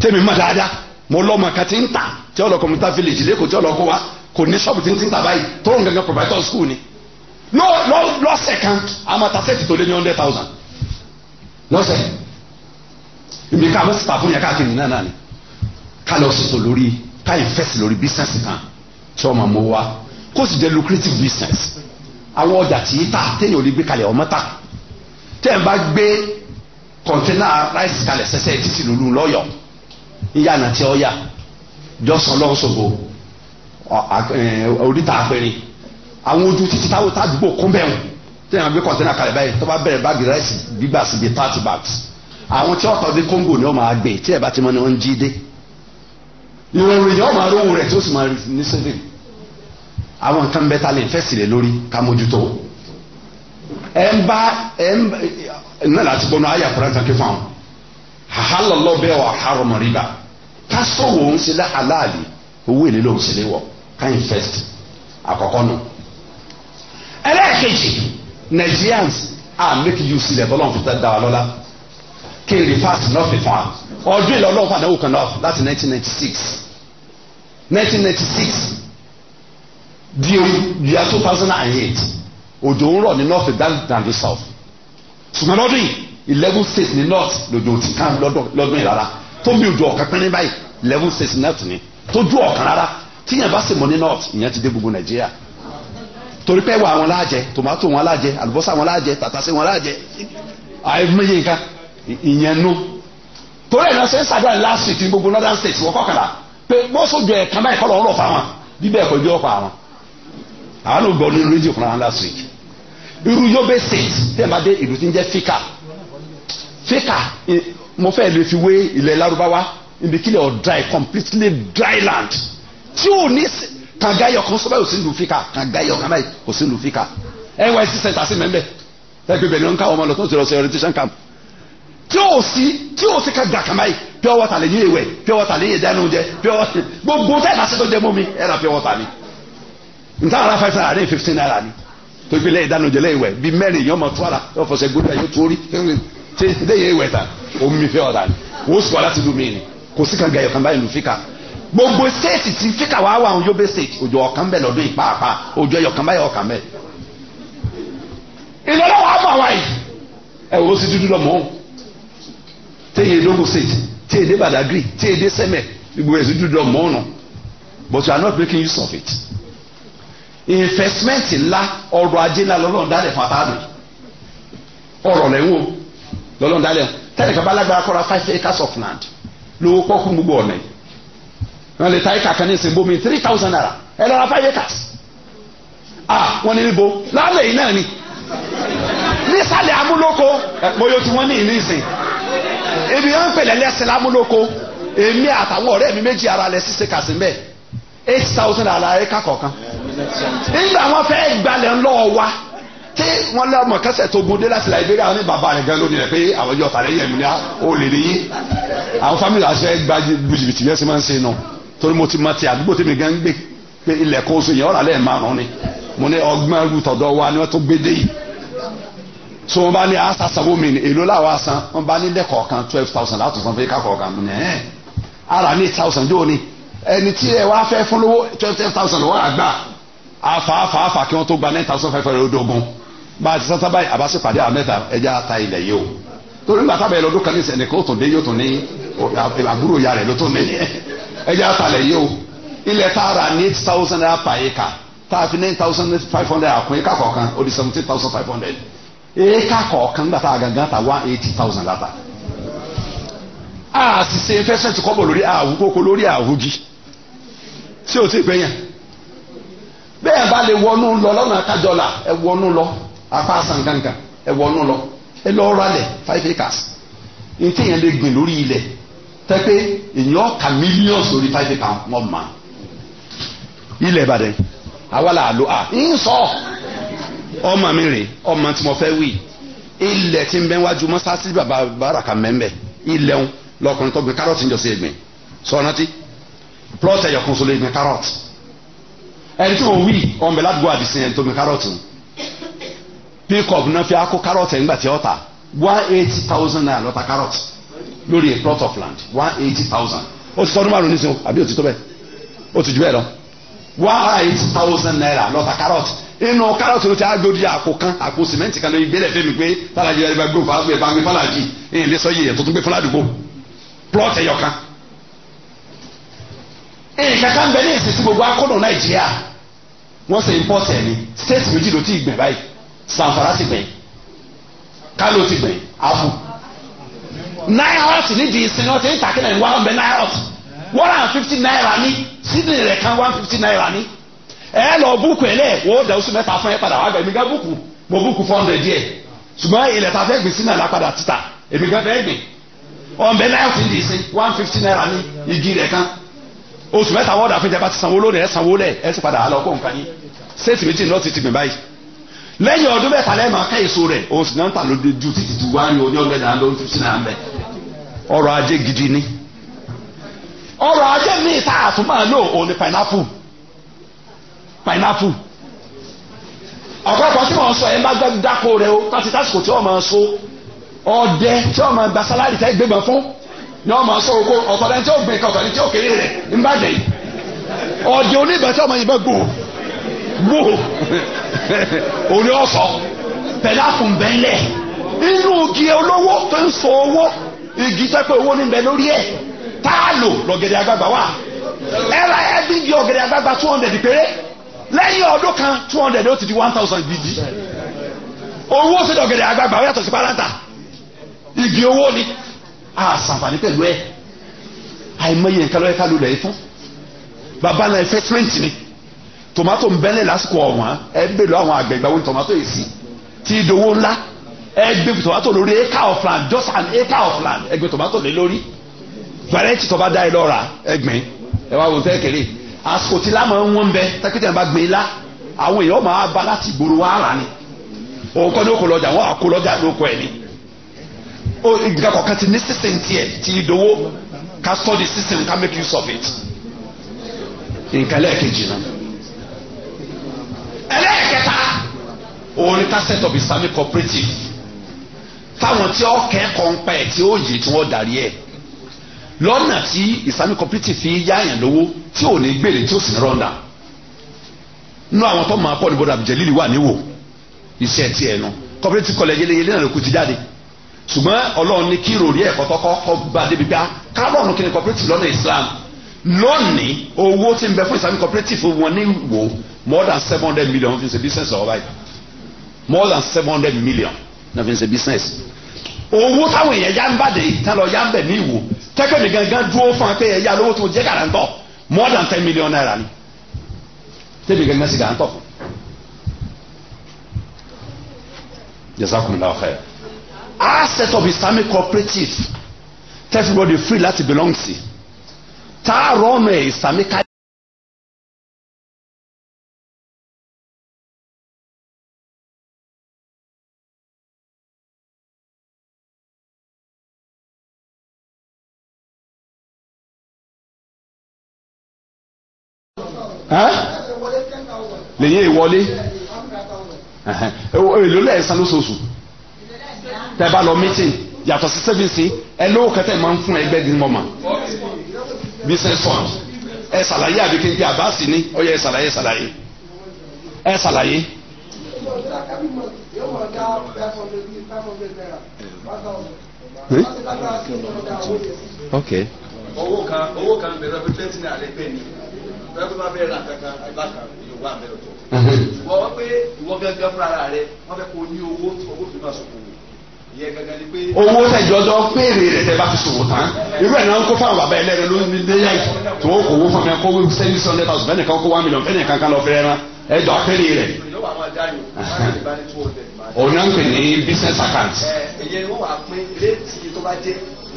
tẹ́mi mọ̀ dáadáa mo lọ́mọ kan ti ń tí ọlọ́kọ̀ mi ta village lẹ́kọ̀ọ́ tí ọlọ́kọ̀ wa kò ní ṣọ́ọ̀bù tí ń ti ń báyìí tó ń gangan provider school ni lọ́sẹ̀ kan a máa ta sẹ́ẹ̀tì tó lé ní hundred thousand lọ́sẹ̀ ibi ká mo sì ta fún yẹn káàkiri náà náà ni ká lọ sọ̀tọ̀ lórí ká invest lórí business kan tí ọmọ mo wá kó sì jẹ́ lucrative business àwọn ọjà tí tà téèyàn ò lè gbé kalẹ̀ ọmọ tà tẹ́ ẹ̀ bá gbé kọ̀ńténà rice kalẹ̀ sẹ́sẹ́ títì lólu lọ́yọ̀ọ́ yíyànà tí ó ya. Jọsọ lọsọgbọ. oríta apẹ̀rẹ̀ àwọn ojú títí táwọn tádùúgbò kún bẹ́ẹ̀ tẹ̀yìn àwọn bí kọ̀ǹtẹ́nà kalẹ̀ báyìí tó bá bẹ̀rẹ̀ báàgì ráìsì gbígbà sí bíi thirty bags àwọn tí ọ̀tọ̀ dé ni wọ́n máa gbé tí ti mọ ni wọ́n ń jí dé ìrọ̀rùn yẹn wọ́n máa rówó rẹ̀ tí ó sì máa ní àwọn nǹkan bẹ́ẹ̀ ta lè fẹ́ sílẹ̀ lórí ká mójútó ẹ̀ ń àhálọ́lọ́ bẹ́ẹ̀ wà hárọ̀mọ̀ rìbá pásítọ̀ wò ń ṣe aláàlì owó èlé ló ń ṣe léwọ̀ kind first àkọ́kọ́ nù. ẹlẹ́ẹ̀kejì Nigerians are make use ilẹ̀ bọ́lá òfin dá wa lọ́la kí n reverse nọ́ọ̀fì fún wa ọdún ìlọ ọlọ́run fàdánwò kan láti 1996 1996 di year 2008 òjò ń rọ̀ ní north than the south ṣùgbọ́n lọ́dún yìí eleven states ní north lòdò ti kàn lọ́dún ìlara tó mi ò ju ọ̀kan pínrín báyìí eleven states north ni tó ju ọ̀kan rárá tíyẹn bá sì mọ ní north ìyẹn ti dé gbogbo nàìjíríà torí pé wà wọn láàjẹ tomato wọn láàjẹ àlùbọ́sà wọn láàjẹ tàtàsé wọn láàjẹ àìmọye nǹkan ìyẹn nù torí ẹ̀ náà ṣe ń ṣàdúrà ní last week ní gbogbo northern states wọ́n kọ́kànlá pé bọ́sọ̀jọ ẹ̀ kàn báyìí kọ́ lọ́wọ́ lọ́ fa wọn bíbẹ̀ ẹ̀kọ́ ìjọ pa wọn àwọn ò gbọ́ ní rédíò fúnra wọn last week irú Yobe state tẹ́ ẹ̀ bá dé ìlú tí ń jẹ́ fika fẹ́kà mo fẹ́ lè fi wé ilẹ̀ Lárúbáwá ibi kílẹ̀ ọ̀ dry completely dry land tí ò ní kàgáyọ̀ kan sọ́bàá òsì lù fíkà kàgáyọ̀ kan báyìí òsì lù fíkà NYSC center sí mẹ́mbẹ́ ẹgbẹ́ bẹ̀rẹ̀ ní ká ọmọ lọ tó ń sọ̀rọ̀ sí orientation camp tí ò sí tí ò sí kàgà kan báyìí pure water lè ní ewé pure water lè ní ìdáná oúnjẹ pure water gbogbo tẹ́ ẹ̀ lásìkò jẹ́ mọ́ mi ẹ̀ ra pure water ni nta ara five naira ní fifteen naira ni tó gbé lẹ́yìn ìdáná oúnjẹ lẹ́yìn ìwẹ̀ bíi mẹ́rin yọmọ tó ara yọ fọṣẹ gbódà yóò tó rí ṣe déyìn ìwẹ̀ tán omi fẹ́ ọ̀dà ni wọ́n sùn aláti lu mi ni kò sí kan gẹ̀yọ̀ kan báyìí lu fíkà gbogbo stéètì tí fíkà wá wà àwọn yóò bẹ stéètì òjò ọ̀kan bẹ̀ lọ́dún ìpààpà òjò ẹ̀yọ̀ kan báyìí ọ̀kan bẹ̀. ìlọ́lọ́ wa bọ̀ wá yìí ẹ̀ wò ó sì dúdú lọ mọ́ ọ́n téyìn edogun stéètì téyìn edé Badagry téyìn edé Sẹ́mẹ̀ gbogbo ẹ̀ sì dúdú lọ mọ́ ọ̀nà but you are not making use of it investment ńlá ọrọ̀ ajé ńlá lọ́lọ́ ọ̀rọ̀ lẹ́wọ̀n lọ́lọ́run dálẹ̀ tẹ́lẹ̀ kan bá lágbára kọ́ra five acres of land lówó pọ́kú gbogbo ọ̀nà yìí wọ́n lè ta acre kan ní ìsìn bomi three thousand naira ẹ lọ́ra five acres ah wọ́n ní níbo lálẹ́ yìí náà ni nísàlẹ̀ amúlòkó bóyá tí wọ́n ní ìní ìsìn èmi yẹn ń pèlè lẹ́sìn lámúlòkó èmi àtàwọn ọ̀rẹ́ mi méjì ara lẹ̀ ṣiṣẹ́ kà sí mbẹ́ eight thousand naira ẹ̀ka kọ̀ọ̀kan nígbà wọn fẹ́ gbalẹ̀ ńlọ́ọ̀ wa tí wọ́n lé ọmọ kẹsẹ̀ tó gun dé láti Liberia ní bàbá rẹ̀ gan lórí rẹ̀ pé àwọn ìjọ tàlẹ́ yẹn mi ní ó lè ní yín àwọn fámìlì àṣẹ gba jìbìtì yẹn sì máa ń ṣe nù torí mo ti ma ti àdúgbò tí mi gan gbé pé ilẹ̀ kó so yẹn ọ̀rọ̀ alẹ́ márùn ni mo ní ọgbọ́n ẹrú tọ̀dọ̀ wa ni wọ́n tó gbé dé yìí so wọ́n bá ní asa sanwó mi ni èlò làwọn asan wọ́n bá ní lẹ́kọ̀ọ́ kan twelve thousand láti san fún yíká kọ̀ọ̀kan mi ni ẹ̀ ara ní eight thousand jóò ni ẹni tí ẹ wá fẹ́ fún lówó twelve thousand lọ́wọ́ àgbà afa afa afa kí wọ́n tó gba nine thousand five hundred odogun bá a ti sátá báyìí àbá sì pàdé ẹja ta ilẹ̀ yìí o torí nígbà tábà yẹn lọ́dún kan ní sẹ́ni kó tún dé yóò ní àbúrò ya rẹ̀ ló tún ní ẹja ta ilẹ̀ yìí o ilẹ̀ tá ní eight thousand naira per acre fi nine thousand five hundred àkún kọ̀ọ̀kan ó di seventeen thousand five hundred kọ̀ọ̀kan nígbà tá a gangan ta one eighty thousand a sì afáàsán gángan ẹ wọnú lọ ẹ lọ ralẹ̀ five acres ní tí èèyàn lè gbìn lórí ilẹ̀ tẹ́pẹ́ èèyàn ka millions lórí five acres wọ́n mọ̀ ilẹ̀ Ìbàdàn àwa là á lo à ń sọ ọmọ mi rè ọmọ tí mo fẹ́ wí ilẹ̀ tí ń bẹ wájú mọ́sáàsì bàbá baraka mẹ́mbẹ́ ilẹ̀ ń lọkùnrin tó gbin kárọ̀tì ń jọ sí ẹgbẹ́ sọ̀rọ̀ ti plọ́ọ̀tì ẹ̀yọ̀kan sọ lè gbin kárọ̀tì ẹni tí mo wí ọmọ ẹ̀ ládùúgbò àdìsí ẹni tó pickup náà fi akó carrot ẹ̀ ńgbà tí one eighty thousand naira ló karọt lori lórí a plot of land one eighty thousand ó ti tọ́dún márùn-ún nísìnyí àbí ti bẹ́ẹ̀ ó lọ one eighty thousand naira ló karọt ịnụ inú carrot ló ti agbódi àpò kan àpò sìmẹ́ǹtì kan lórí ìgbélé fẹ́mi pé tálàjì ẹ̀rí bá fàlàjì ẹ̀yìn ẹ̀tọ́ tó gbé plot ẹ̀yọ kan gbogbo akọ́nà Nàìjíríà wọ́n ṣe state méjì ló ti báyìí sanfara sì gbẹ̀yìn kálò sì gbẹ̀yìn afu náírà sì nídìí ìsinmi ọtí níta kílẹ̀ ní wàhálà bẹ náírà sì one hundred fifty naira ní sídìní rẹ̀ kan one fifty naira ní ẹ lọ búùkù ẹ lẹ wò ó dẹ̀ oṣù mẹ́ta fún ẹ padà wà gbẹ̀mí gá búùkù mo búùkù four hundred díẹ̀ ṣùgbọ́n ilẹ̀ ta fẹ́ gbìn sínú àlá padà títà èmi gan fẹ́ gbìn ọ̀nbẹ náírà sì nídìí ìsin one fifty naira ní igi rẹ̀ kan oṣù mẹ́ta wọ́ọ̀dà fún ìjẹba ti sanwó lónìí ẹ sanwó lẹ̀ ẹ sì padà àlọ́ kó nǹkan yín sẹ́ẹ̀tì méjì ní ọ̀tí ti gbìn báyìí lẹ́yìn ọdún mẹ́ta lẹ́yìn máa ká rẹ̀ òun sì náà ń tà lóde ju títí ju wá ní oní ọ̀gbẹ́ náà náà ajé gidi ni ọrọ̀ ajé mi ìta àtúmọ̀ lò òun ni pineapple pineapple ọ̀pọ̀lọpọ̀ tí wọ́n sọ ẹ dáko o tàti tásìkò tí wọ́n máa so ọdẹ tí wọ́n máa gba sálárì tẹ́ fún ni wọ́n máa sọ wo orí ọ̀sọ̀ pẹ̀lú àfùnbẹ́lẹ̀ inú igi olówó tó ń so owó igi sẹ́pẹ̀ owó níbẹ̀ lórí ẹ̀ tá a lò lọ́gẹ̀dẹ̀ àgbààgbà wà ẹ ra ẹbí igi ọ̀gẹ̀dẹ̀ àgbààgbà two hundred péré lẹ́yìn ọdún kan two hundred ó ti di one thousand gidi owó sí ọ̀gẹ̀dẹ̀ àgbààgbà ó yàtọ̀ sí pàrántà igi owó ni àṣàǹfààní pẹ̀lú ẹ̀ àìmọye nǹkan lọ́yẹ̀ká lulẹ̀ yìí fún bàbá náà investment ni tomato ń bẹ́lẹ̀ lásìkò ọ̀wọ́n ẹ ń bèlò àwọn àgbẹ̀ ìgbà tomato yìí sí ti dowó ńlá ẹ gbé tomato lórí acre of land just an acre of land ẹ gbé tomato lé lórí variety tó bá dá ẹ lọ́ra ẹ gbìn ẹ wá wò sẹ́ẹ̀ kéré àsìkò tí lámà ń wọ́n bẹ tẹ́kítẹ́ bá gbìn ilá àwọn èèyàn máa bá láti gbòòrò wá rà ni òun kọ́ ní òkò lọ́jà wọ́n á kó lọ́jà lóko ẹ̀ ni ìgbà kọ̀ọ̀kan ti ní system tiẹ̀ ti ìdòwò ká study system ká make use of it nǹkan lẹ́ẹ̀kejì náà ẹlẹ́ẹ̀kẹta òun ni ta set up islamic cooperative táwọn tí ó kẹ́kọ̀ọ́ ń pa ẹ̀ tí ó yè tí wọ́n darí ẹ̀ lọ́nà tí islamic cooperative fi yáyàn lówó tí ò ní gbèrè tí ó sì ní rọ́ndà nínú àwọn tó máa kọ́ ní bọ́dà àbújá líli wà níwò iṣẹ́ ti ẹ̀ nu cooperative college eléyẹlé náà ló kú ti jáde ṣùgbọ́n ọlọ́run ní kí ìròrí ẹ̀kọ́ tọ́kọ́ kọ́ gba débi gbá kárọ̀nù kí ni cooperative lọ́nà islam lónìí owó tí ń bẹ fún islamic cooperative wọn ní wo more than seven hundred million wọ́n fi ṣe business ọ̀rọ̀ báyìí more than seven hundred million wọ́n fi ṣe business owó táwọn èèyàn yá ń bàdé tán lọ yá ń bẹ̀ ní ìwò tẹ́kẹ̀mí gangan dúró fún akẹ́ ẹ̀yà lówó tó jẹ́ gàrántọ̀ more than ten million naira ni tẹ́mi gangan sì gàrántọ̀ fún. jazakumullahu khair. a set up islamic cooperative tell everybody free láti belong sí. Si táàrọ̀ ọ̀nà ìsàmì ká. lèyìn ìwọlé èlò lẹ́ẹ̀sán lóṣooṣù tẹ́ bá lọ mítìn yàtọ̀ sí sẹ́fìsì ẹ lówó kẹtẹ́ máa ń fún ẹgbẹ́ dín mọ́mọ́ business form ẹ ṣàlàyé àbí kí n pè àbáàsì ni ó yẹ ẹ ṣàlàyé ẹ ṣàlàyé ẹ ṣàlàyé. Hmm? owó kan owó kan bẹ̀rẹ̀ fún twenty naira lẹ́gbẹ̀ẹ́ ni bẹ́ẹ̀ tó bá bẹ̀rẹ̀ rà kankan àgbà kan yóò wà mẹ́rin tó. wọ́n pé ìwọ fúnra rẹ̀ wọ́n fẹ́ kó ní owó owó fi máa sọ̀kò owó tẹjọdọ péèrè rẹ tẹ bá ti ṣòwò tán irú ẹ̀ náà ń kó fáwọn bàbá ẹlẹ́rìí ló ní déyà yìí tó o kò wó fún mi kó wí seven hundred thousand bẹ́ẹ̀ nìkan kó one million fẹ́ẹ̀ nìkan kan lọ fẹ́ẹ́ rán ẹjọ péèrè rẹ. òun náà ń pè ní business account.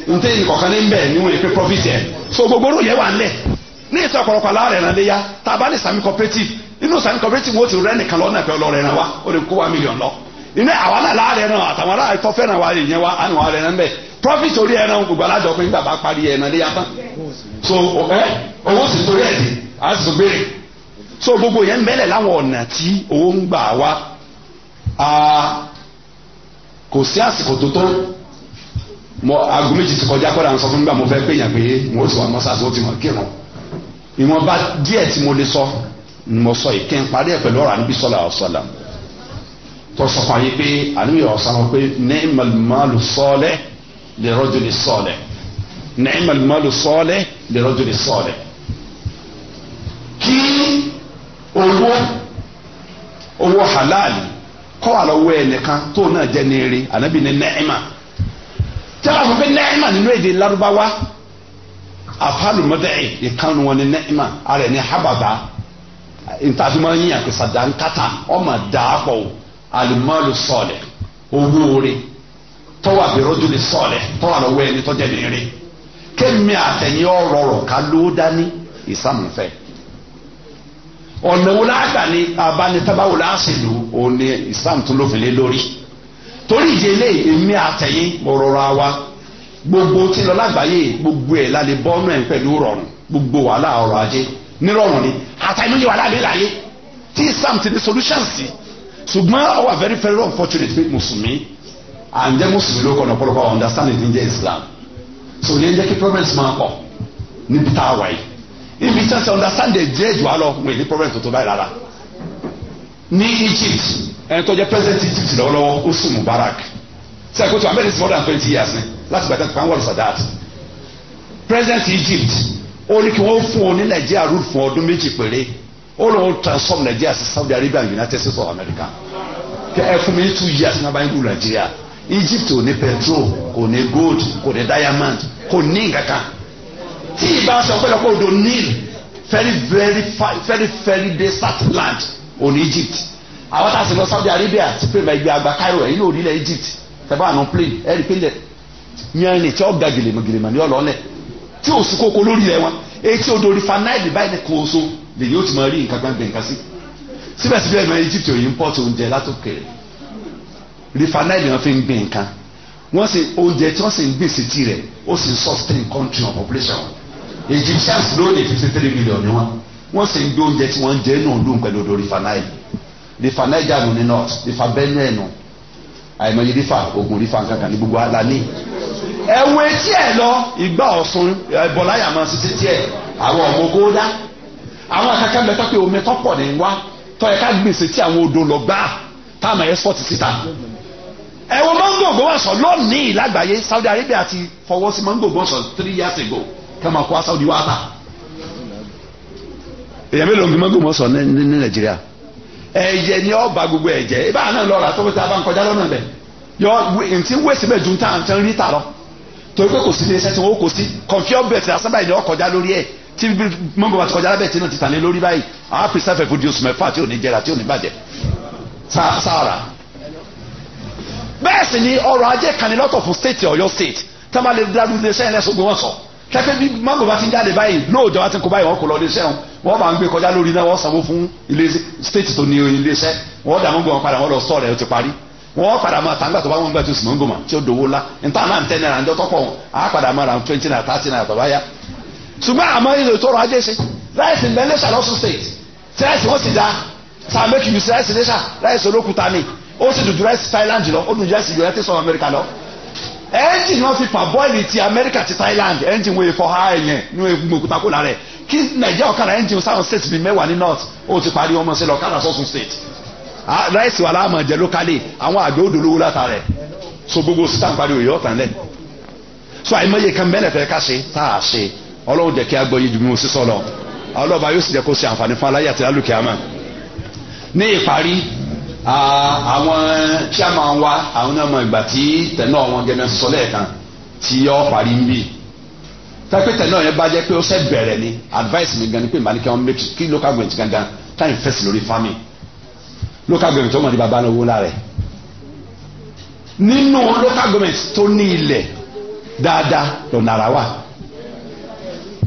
n tẹ́ ìyìn kọ̀ọ̀kan ní bẹ́ẹ̀ níwọ̀n ìpè profit ẹ̀ so gbogbo orú yẹn wà ń lẹ̀ ní ìtọ́ ọ̀pọ̀lọpọ̀ aláàrẹ̀ rẹ̀ léyà tá a bá ní sami cooperative inú sami cooperative wo ti rẹ́ nìkan lọ́nà ìpẹ́ ọlọ́rẹ̀ rẹ̀ wa ó lè kó one million lọ. Ine àwa náà láàrẹ náà àtàwọn aráàlú tó fẹ́ràn wa yìí yẹn wa àánú wa rẹ náà bẹ profit orí ẹran gbogbo alájọ pé nígbà bá parí ẹran lé yàtọ̀ so ẹ owó sì torí ẹ di a sì tún béèrè so gbogbo yẹn ń bẹ́lẹ̀ láwọn ọ̀nà tí owó ń gbà wá kò sí àsìkò tó tó mọ aago méjì ti kọjá kọ́ra sọ fún mi gbà mo fẹ́ pé yàn pé mo ti wà mọ́sáàsì ó ti mọ̀ kírun ìwọ̀nba díẹ̀ tí mo lè sọ mo sọ ìkẹ́ ń parí tọ́sọ fún ayé pé àníyàn ọ̀sán wọn pé nẹ́ẹ̀màlùmálù sọ́ọ̀lẹ̀ lè rọ́jò lè sọ́ọ̀lẹ̀ nẹ́ẹ̀màlùmálù sọ́ọ̀lẹ̀ lè rọ́jò lè sọ́ọ̀lẹ̀ kí owó owó halal kọ́ àlọ́wọ́ ẹnìkan tó náà jẹ́ nìire ànábì ní nẹ́ẹ̀mà tí a bá sọ pé nẹ́ẹ̀mà nínú èdè lárúbáwá afalumọdẹ́ẹ̀ ìkànnì wọn ní nẹ́ẹ̀mà ara ẹ̀ ní hababa ntàfimọ́ yín àpèsàdá ńkàtà ọmọ dàápọ̀ o alimalu sọọlẹ olóore tọwọ abirọdu ni sọọlẹ tọwọ alọwọ ẹni tọjẹ nìyẹn kẹmi àtẹyìn ọrọrọ ká ló dání ìsàmùfẹ ọ̀nà wo láàgbà ni abánitábà wo láàṣìlú òní ìsàmùtúlófìlẹ lórí torí ìdílé èmi àtẹyìn ọrọrọ wa gbogbo tí lọ lágbàáyé gbogbo ẹ̀ lálẹ́ bọ́ọ̀nù ẹ̀ pẹ̀lú rọrùn gbogbo wàhálà ọrọ̀ ajé nírọ̀rùn ni àtàlóyè wàhálà mi láyé tí Islam ti ní solutions sí. Si ṣùgbọ́n ó wà very very unfortunate pé mùsùlùmí à ń jẹ́ mùsùlùmí ló kọ́nà ọ̀pọ̀lọpọ̀ àwọn understanding ní jẹ́ islam so ní ẹ jẹ́ kí problems máa pọ̀ níbi tá a wà yìí níbi tí wọ́n ti understand the jẹ́ ìjọ alọ wọ́n ní problems tó tó báyìí rárá ní Egypt ẹni tó jẹ́ president Egypt lọ́wọ́lọ́wọ́ Hosni Mubarak sẹ́yìn kó tó amẹ́rin sí more than twenty years ni láti gbàtà tó kàn Sadat president Egypt ó ní kí wọ́n fún ọ ní Nàìjíríà rule fún ọdún méjì péré ó lóun transform Nigeria to Saudi Arabia and United States of America kẹ ẹ fún mi two years ní abayín rú Nigeria Egypt ò ní petrol kò ní gold kò ní diamond kò ní nǹkankan tí ìbá sọ pé lọ́pọ̀ odò Nile very very very very desert land ò ní Egypt àwọn tá a sì lọ Saudi Arabia ti pè mọ ẹgbẹ́ àgbà Cairo ẹ̀yìn òrílẹ̀ Egypt tẹ̀bá àná plane ẹ̀rí pé yẹn ni tí ó ga gèlèmọ̀gèlèmọ̀ ní ọlọ́ọ̀lẹ̀ tí ò sí kókó lórí rẹ̀ wọn etí odò rìfanáìlì báyìí ni kò so lèyìn ó ti máa rí nǹkan gbàgbé nǹkan sí síbẹ̀síbẹ̀ ìmọ̀ Egypt ò import oúnjẹ látòkèrè refinery wọn fi ń gbìn nǹkan wọ́n sì oúnjẹ tí wọ́n sì ń gbìn sí tirẹ̀ ó sì sustain country and population Egyptians lónìí fifty three million ni wọ́n wọ́n sì ń gbé oúnjẹ tí wọ́n ń jẹ náà lóhùn pẹ̀lú odò refinery refinery jà nù ní north refinery bẹ́ẹ̀ nù àìmọye rífà ogun rífà kankan ní gbogbo ala ní. ẹ̀wọ̀n etí ẹ̀ lọ ìgbà ọ̀sùn ẹ̀bọ̀láyà máa ṣiṣẹ́ tiẹ̀ àwọn ọmọ kó dá àwọn akẹ́kẹ́ mẹ́ta pé omi tọ́pọ̀ ní wá tọ́ ẹ ká gbèsè tí àwọn odò lọ gbá táàmù export síta mango lónìí lágbàáyé Saudi Arabia ti fọwọ́ sí mango gbọ́wọ́sọ three years ago kẹ́mọ̀ kó Saudi wá ta mango ní Nàìjíríà ẹ̀jẹ̀ ni gbogbo ẹ̀jẹ̀ ibà náà lọ́ra tó fi ta bá ń kọjá lọ́nà bẹ̀ yọ ntí bẹ́ẹ̀ ju ta torí pé kò sí ní ẹsẹ̀ tí wọ́n kò sí tí mọ́ngò bá ti kọjá lábẹ́ tí náà ti tàn lé lórí báyìí àwọn pèsèfẹ́ fún di oṣù mẹ́fà tí ò ní jẹrà tí ò ní bàjẹ́ sára. bẹ́ẹ̀ sì ni ọrọ̀ ajé kanilọ́tọ̀ fún state Ọ̀yọ́ state tí wọ́n bá lè dá lóde sẹ́yìn lẹ́sùn gbé wọn sọ kẹ́kẹ́ bí mọ́ngò bá ti ń jáde báyìí lóòjọ́ bá ti kó báyìí wọ́n kò lọ ilé wọn wọ́n bá ń gbé kọjá lórí náà wọ́n sanwó state tó ní ilé iṣẹ́ wọ́n dà mọ́ngò wọn padà wọ́n lọ sọ̀rọ̀ ẹ̀ ó ti parí wọ́n padà máa tàǹgbà tó bá wọn gbà tó sì mọ́ngò mà tí ó dòwó la níta náà ń tẹ́ náírà ń jọ́ tọ́pọ̀ wọn á padà máa ra twenty naira thirty naira bàbá yá ṣùgbọ́n àmọ́ ilé ìtọ́rọ̀ ajé ṣe láìsí mẹ́lẹ́sà lọ́sùn state tí láìsí wọ́n ti da sáà make you use láìsí lẹ́sà láìsí olókùúta ni ó sì dùdú láìsí Thailand lọ ó dùn jẹ́ sí United States of America lọ. ẹ́ńjìn wọn fi pàbọ́ìlì ti America ti Thailand ẹ́ńjìn wo ìfọ̀ ha ẹ̀yẹn ní egungun òkúta kó lára ẹ̀ kí Nàìjíríà ọ̀kadà ẹ́ńjìn sáwọn state bíi mẹ́wàá ní north ó ti parí ọmọ sí lọ ọ̀kadà sọ́sùn state láìsí wàhálà àmọ̀ jẹ́ lókàlì àwọn àgbẹ̀ òdò lówó látara ẹ̀ so gbogbo sí tàǹparí òyìn ọ̀tàn lẹ̀ so àìmọye kan bẹ́ẹ̀ lẹ́fẹ̀ẹ́ ká ṣe tá a ṣe ọlọ́run jẹ́ kí a gbọ́ yé ju bí mo sì sọ lọ ọlọ́ba yóò sì jẹ́ kó ṣe àǹfààní fún aláyé àti alùkè àmà ní ìparí àwọn chairman wa àwọn náà mọ ìgbà tí tẹ̀nà wọn gẹ́gẹ́ sọ lẹ́ẹ̀kan tí yọ parí ń bì tẹ́pẹ́ tẹ̀nà yẹn bá jẹ́ pé ó ṣe bẹ̀rẹ̀ ni advice mi gan ni pé màá ní kí wọ́n make kí local government gangan táyì fẹ́sì lórí farming local government ọmọdé bàbá náà wó lára ẹ̀ nínú local government tó ní ilẹ̀ dáadáa lọ́nà ara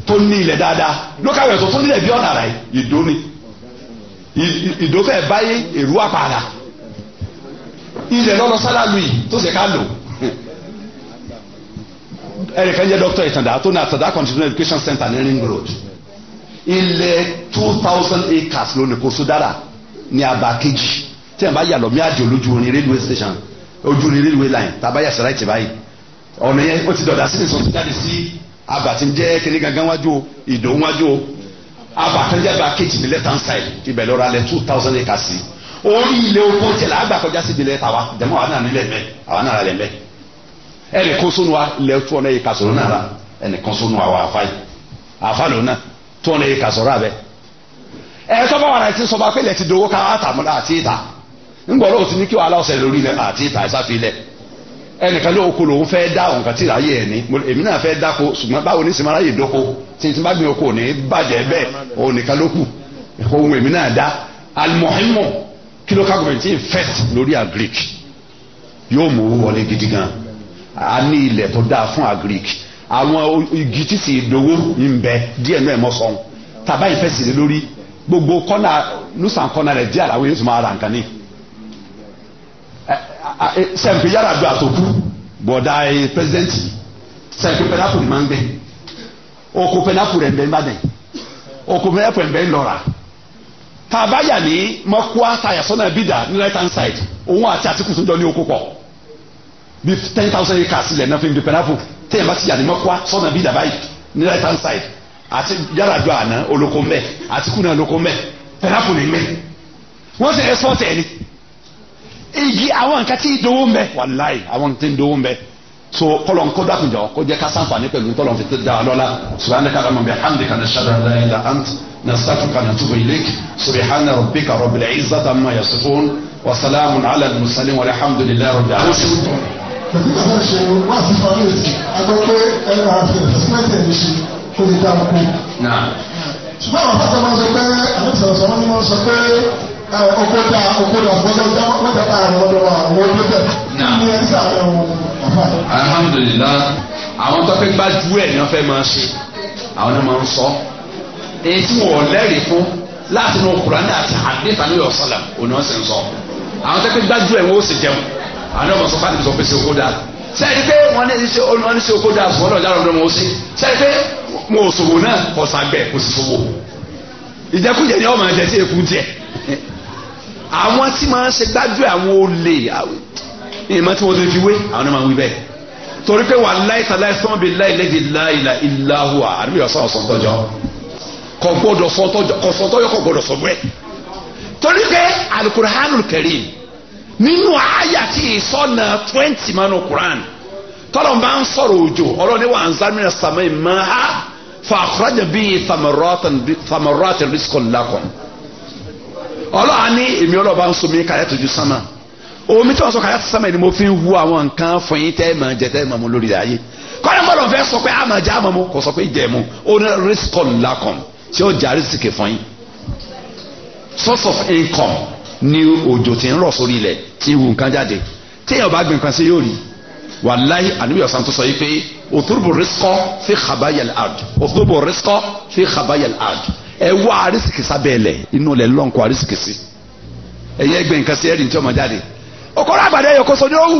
tó ní ilẹ̀ dáadáa local government tó tún nílẹ̀ bí ọ̀nà rà yìí ìdó ni ìdó fẹ́ báyé èrú àpàrà ilẹ̀ lọ́lọ́ sálálù yìí tó sì ká lò ẹnìkan jẹ́ dókítà ìtàndá tó ní àtàndá continuing education center ní ring road ilẹ̀ two thousand acres lónìí kò sódàrà ní abà kejì tí wọn bá yà lọ mí àjò lójú orin railway station ojú orin railway line tàbá yà sẹ́ráìtì báyìí ọ̀nà yẹn ó ti dọ̀dà sí ní sọ́tún jáde sí àbà tí ń gangan wájú o ìdò wájú o kan jẹ́ kejì ní left hand side ibẹ̀ lọ́ra lẹ two thousand acres sí orí ilé oko tiẹ̀ la sí ìdílé tàwa jẹ́mọ́ àwọn náà nílẹ̀ mẹ́ àwọn náà lẹ̀ mẹ́ ẹnì kan wa lẹ ara ẹnì kan wa wà yìí abẹ ẹ sọba wàrà ti sọba ti ká àti ìta ní kí wàhálà ọ̀sẹ̀ lórí ẹnìkan ló oko lòun fẹ́ dá òǹkà tí ìráyè ẹ̀ ní èmi náà fẹ́ dáko ṣùgbọ́n báwo ní sinmi aráyè dóko tí n bá gbin oko ní bàjẹ́ bẹ́ẹ̀ òun nìkan ló kù ẹ̀kọ́ ohun èmi náà dá alimọ̀hímọ̀ kí ló ká gọ̀mẹ̀ntì invest lórí agric yóò mú owó wọlé gidi gan a ní ilẹ̀ tó dáa fún agric àwọn igi tí sì dowó ń bẹ díẹ̀ náà mọ̀ sọ́n tàbá ìfẹ́ sílẹ̀ lórí gbogbo kọ́nà lùsàn kọ́nà rẹ̀ díẹ̀ làwọn yóò Eh, eh, eh, sẹ́ǹpì yàrá àdúrà tó kú bọ̀dà pẹ́sidẹ́ǹtì sẹ́ǹpì pẹ́nápù ni máa ń gbẹ oko pẹ́nápù rẹ̀ ń bẹ ń bàdàn oko pẹ́nápù rẹ̀ ń bẹ ń lọ́ra tá a bá yà ní mọ́kúá tayasọ́nà bídà ní right hand side òun àti àtìkù tó ń jọ ní oko pọ̀ bí ten thousand acres sílẹ̀ náà fi ń di pẹ́nápù téèyàn bá ti yà ní mọ́kúá sọ́nà bídà báyìí ní right hand side àti yàrá àdúrà àná olóko mbẹ àtìkù náà olóko mbẹ pẹ́nápù ní mbẹ wọ́n ti ẹ̀ sọ́ọ̀tì ẹni èyí àwọn nǹkan tí ìdòwò ń bẹ wàláì àwọn nǹkan tí ìdòwò ń bẹ so kọlọn kó dàkún jọ kó jẹ ká sànfàní pẹ̀lú tọlọn fi da lọla subhanaka allahumma bihamdika nashhadu an la ilaha ant nastaghfiruka wa natubu ilayk subhana rabbika rabbil izzati amma yasifun wa salamun ala al mursalin walhamdulillahi rabbil alamin. tàbí bàbá ṣe wá sí fàlẹ́ẹ̀tì agbẹ́pẹ́ ẹ̀rọ àti ẹ̀sìmẹ́tì ẹ̀mí ṣe kó lè dáa kú. ṣùgbọ́n àwọn afásitì máa ń sọ pé àlẹ́ ọkọta ọkọta ọkọta ọkọta ta àwọn ọdọ wa àwọn ọdọ tẹ ní ẹ sá ẹ wọn afa. alhamdulilah àwọn tọ́pẹ́ gbájú ẹ̀ ni wọ́n fẹ́ máa ṣe àwọn náà máa ń sọ èyí tí wọ́n lẹ́rìí fún láti inú Kùránì àti hadith àti ìyọ̀ sọ̀lá òun náà sì ń sọ àwọn tọ́pẹ́ gbájú ẹ̀ wọ́n ó sì jẹun àwọn náà mọ̀ sọ fáti sọ pé ṣe ọkọta sẹ́yìn pé wọ́n ní ṣe wọ́n ní ṣe ọkọta àṣùwọ́n náà jáde ọ̀dọ́ wọn ó sí sẹ́yìn pé wọn ò náà kọ̀ọ̀sàgbẹ̀ kò sì ṣòwò ìjẹkújẹ ni ọ àwọn tí máa ń ṣe gbájú àwọn olè ìmọ̀ tí wọ́n ti fi wé àwọn náà máa ń wí bẹ́ẹ̀ torí pé wà láìsàlá ìsọ́n bíi láìlẹ́dì láìlà ìlàhùwà àdúgbò yọ sọ̀rọ̀ sọ̀tọ́jọ́ kò gbọ́dọ̀ sọ̀tọ́jọ́ kò sọ̀tọ́jọ́ kò gbọ́dọ̀ sọ̀gbẹ́ torí pé alukurahanul karim nínú àyà tí ìsọ̀nà twenty manu quran tọ́lọ̀ máa ń sọ̀rọ̀ òjò ọlọ́ni wà ń zámìnà sàmì máa fa àkúrájà bíi samaratan rizqan lakum ọlọ́wà ní èmi ọlọ́ba ń somi kàlẹ́ tójú sánmà omi tí wọ́n sọ kàlẹ́ tójú sánmà ni mo fi ń hu àwọn nǹkan fún yín tẹ́ mọ̀ jẹ tẹ́ mọ̀ mo lórí ayé kọ́ni gbọ́dọ̀ fẹ́ sọ pé àmọ̀ jẹ́ àmọ̀ mo kò sọ pé jẹ́ mu ó ní rìsíkọ̀n lakọ̀n tí ó jà rìsíkì fún yín source of income ni òjò ti ń rọ̀ sórí ilẹ̀ tí ń hu nǹkan jáde téèyàn bá gbìn kan sí yóò rí wàláyé àníbíyọ̀ santo sọ yìí pé òtúrùbù rìsíkọ̀ fi xabayẹl ad òtúrùbù rìsíkọ̀ fi xabayẹl ad ẹ wá arísìkì sábẹ́ ilẹ̀ inú ilẹ̀ lọ́n kó arísìkì sí ẹ̀yẹ gbẹ̀ nǹkan sí ẹ̀rìn tí ọmọ jáde okòrò àgbàdo ẹ̀yọ̀ kóso ní òwú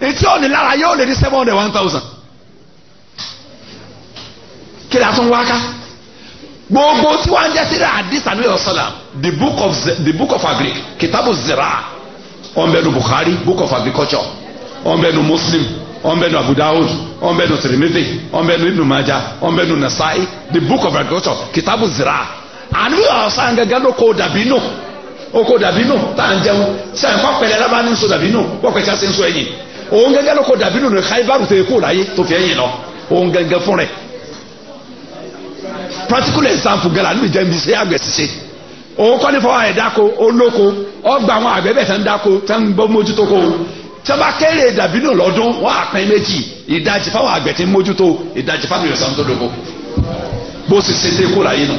etí lára one thousand gbogbo tí wọ́n á jẹ́ síra àdìsá ní ọ̀sán the book of the book of agric kitabu zira ọ̀nbẹ́nu buhari book of agriculture ọ̀nbẹ́nu Muslim ọ̀nbẹ́nu Abu Dawud ọ̀nbẹ́nu Tirmidhi ọ̀nbẹ́nu Ibn Majah ọ̀nbẹ́nu Nasa'i the book of agriculture kitabu zira àní ọ̀sán gẹ́gẹ́ ló kó dàbí nù ó kó dàbí nù tá ta ń jẹun sẹ́yìn kọ́ pẹ̀lẹ́ lábá ní sọ dàbí nù wọ́n pẹ̀lẹ́ sẹ́yìn sọ ẹ̀yìn òun gẹ́gẹ́ ló kó dàbí nù ní Khaibaru tó kó láyé tó fi ẹ̀yìn lọ òun gẹ́gẹ́ fún rẹ̀ practical example gẹ́la níbi jẹ́ nbc àgbẹ̀ ṣiṣẹ́ òun kọ́ ní fọwọ́ ẹ̀ dáko olóko ọgbà àwọn àgbẹ̀ bẹ̀ tán dáko tán gbọ́ mójútó ko tí wọ́n bá kéré dàbínú lọ́dún wọ́n á pín méjì ìdajì fáwọn àgbẹ̀ tí ń mójútó ìdajì fáwọn ìrẹsà tó dogo bó sì ṣe dé kó láyé nù.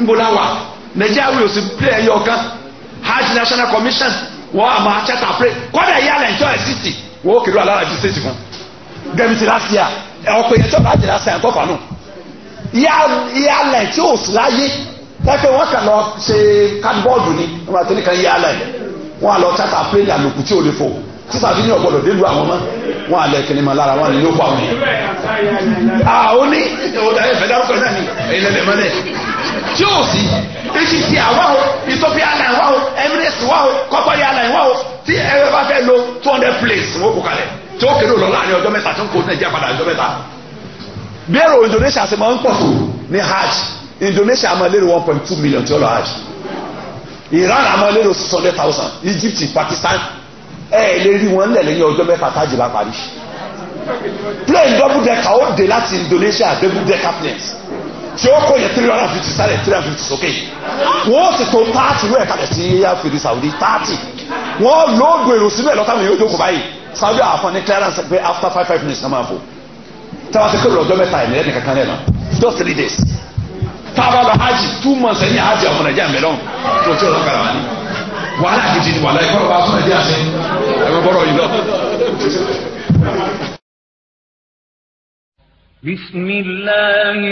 ń bo láwa nàìjíríà wíwò sí pé ẹyọ kan hajj national commission wọ́n á máa ṣẹ́ta pé kọ́dà yà lẹ́jọ́ ẹ̀ sísì wọ́n ó kéré alára ju fún gẹ́mìtì láti yà ọ̀pọ̀ èyí tó bá jìnnà sẹ́yìn tó fànù yà lẹ́ tí ò láyé lẹ́fẹ̀ẹ́ wọn àlọ chata plane àlòkù tí ò lè fò títà bí ní ọ̀gbọ́dọ̀ délù àwọn mọ́ wọn àlẹ kìnnì máa lára wọn ló kọ àwọn yẹn. àwọn ní ìdòwòdà ẹ̀fẹ̀ dárúkọ náà ni ìlẹ̀lẹ̀ mọ́lẹ̀ tí ó sì Egypt àwa o Ethiopia airline wa o Emirates wa o kọ́kọ́rì airline wa o tí ẹ̀rọ bá fẹ́ lo two hundred planes wọ́n kó kalẹ̀ tí ó kéde òlọ́lá ní ọjọ́ mẹ́ta tó ń kó Nàìjíríà padà ọjọ́ mẹ́ta. bí èrò Indonesia ṣe máa ń pọ̀ tó ní hajj Indonesia máa lérò one point two million tí ó lọ hajj Iran Amalero, lérò six hundred thousand Egypt Pakistan ẹ ẹ lè rí wọn lẹ́lẹ́ ní ọjọ́ mẹ́fà tájì bá parí plane double decker ó dé láti Indonesia double decker planes tí ó kó yẹ three hundred fifty sáré three hundred and fifty sókè wọ́n sì tó thirty wẹ́ẹ̀ kalẹ̀ sí àfẹ́rẹ́ Saudi thirty wọ́n lóògùn èrò síbẹ̀ lọ́tàwọn èèyàn jókòó báyìí Saudi àfọ̀n ní clearance pé after five five minutes náà máa fò tí a bá ti kébìlì ọjọ́ mẹ́ta ẹ̀ nìyẹn nìkan kan lẹ́nu just three days tábà lọ hajj two months ẹ̀yìn hajj ọmọ nàìjíríà mẹ́lọ́n tó tí ọlọ́kà rà ní. wàhálà gidi ni wàhálà ìkọlọ́ bá fún nàìjíríà sí ẹ̀rọ bọ́rọ̀ yìí lọ. بسم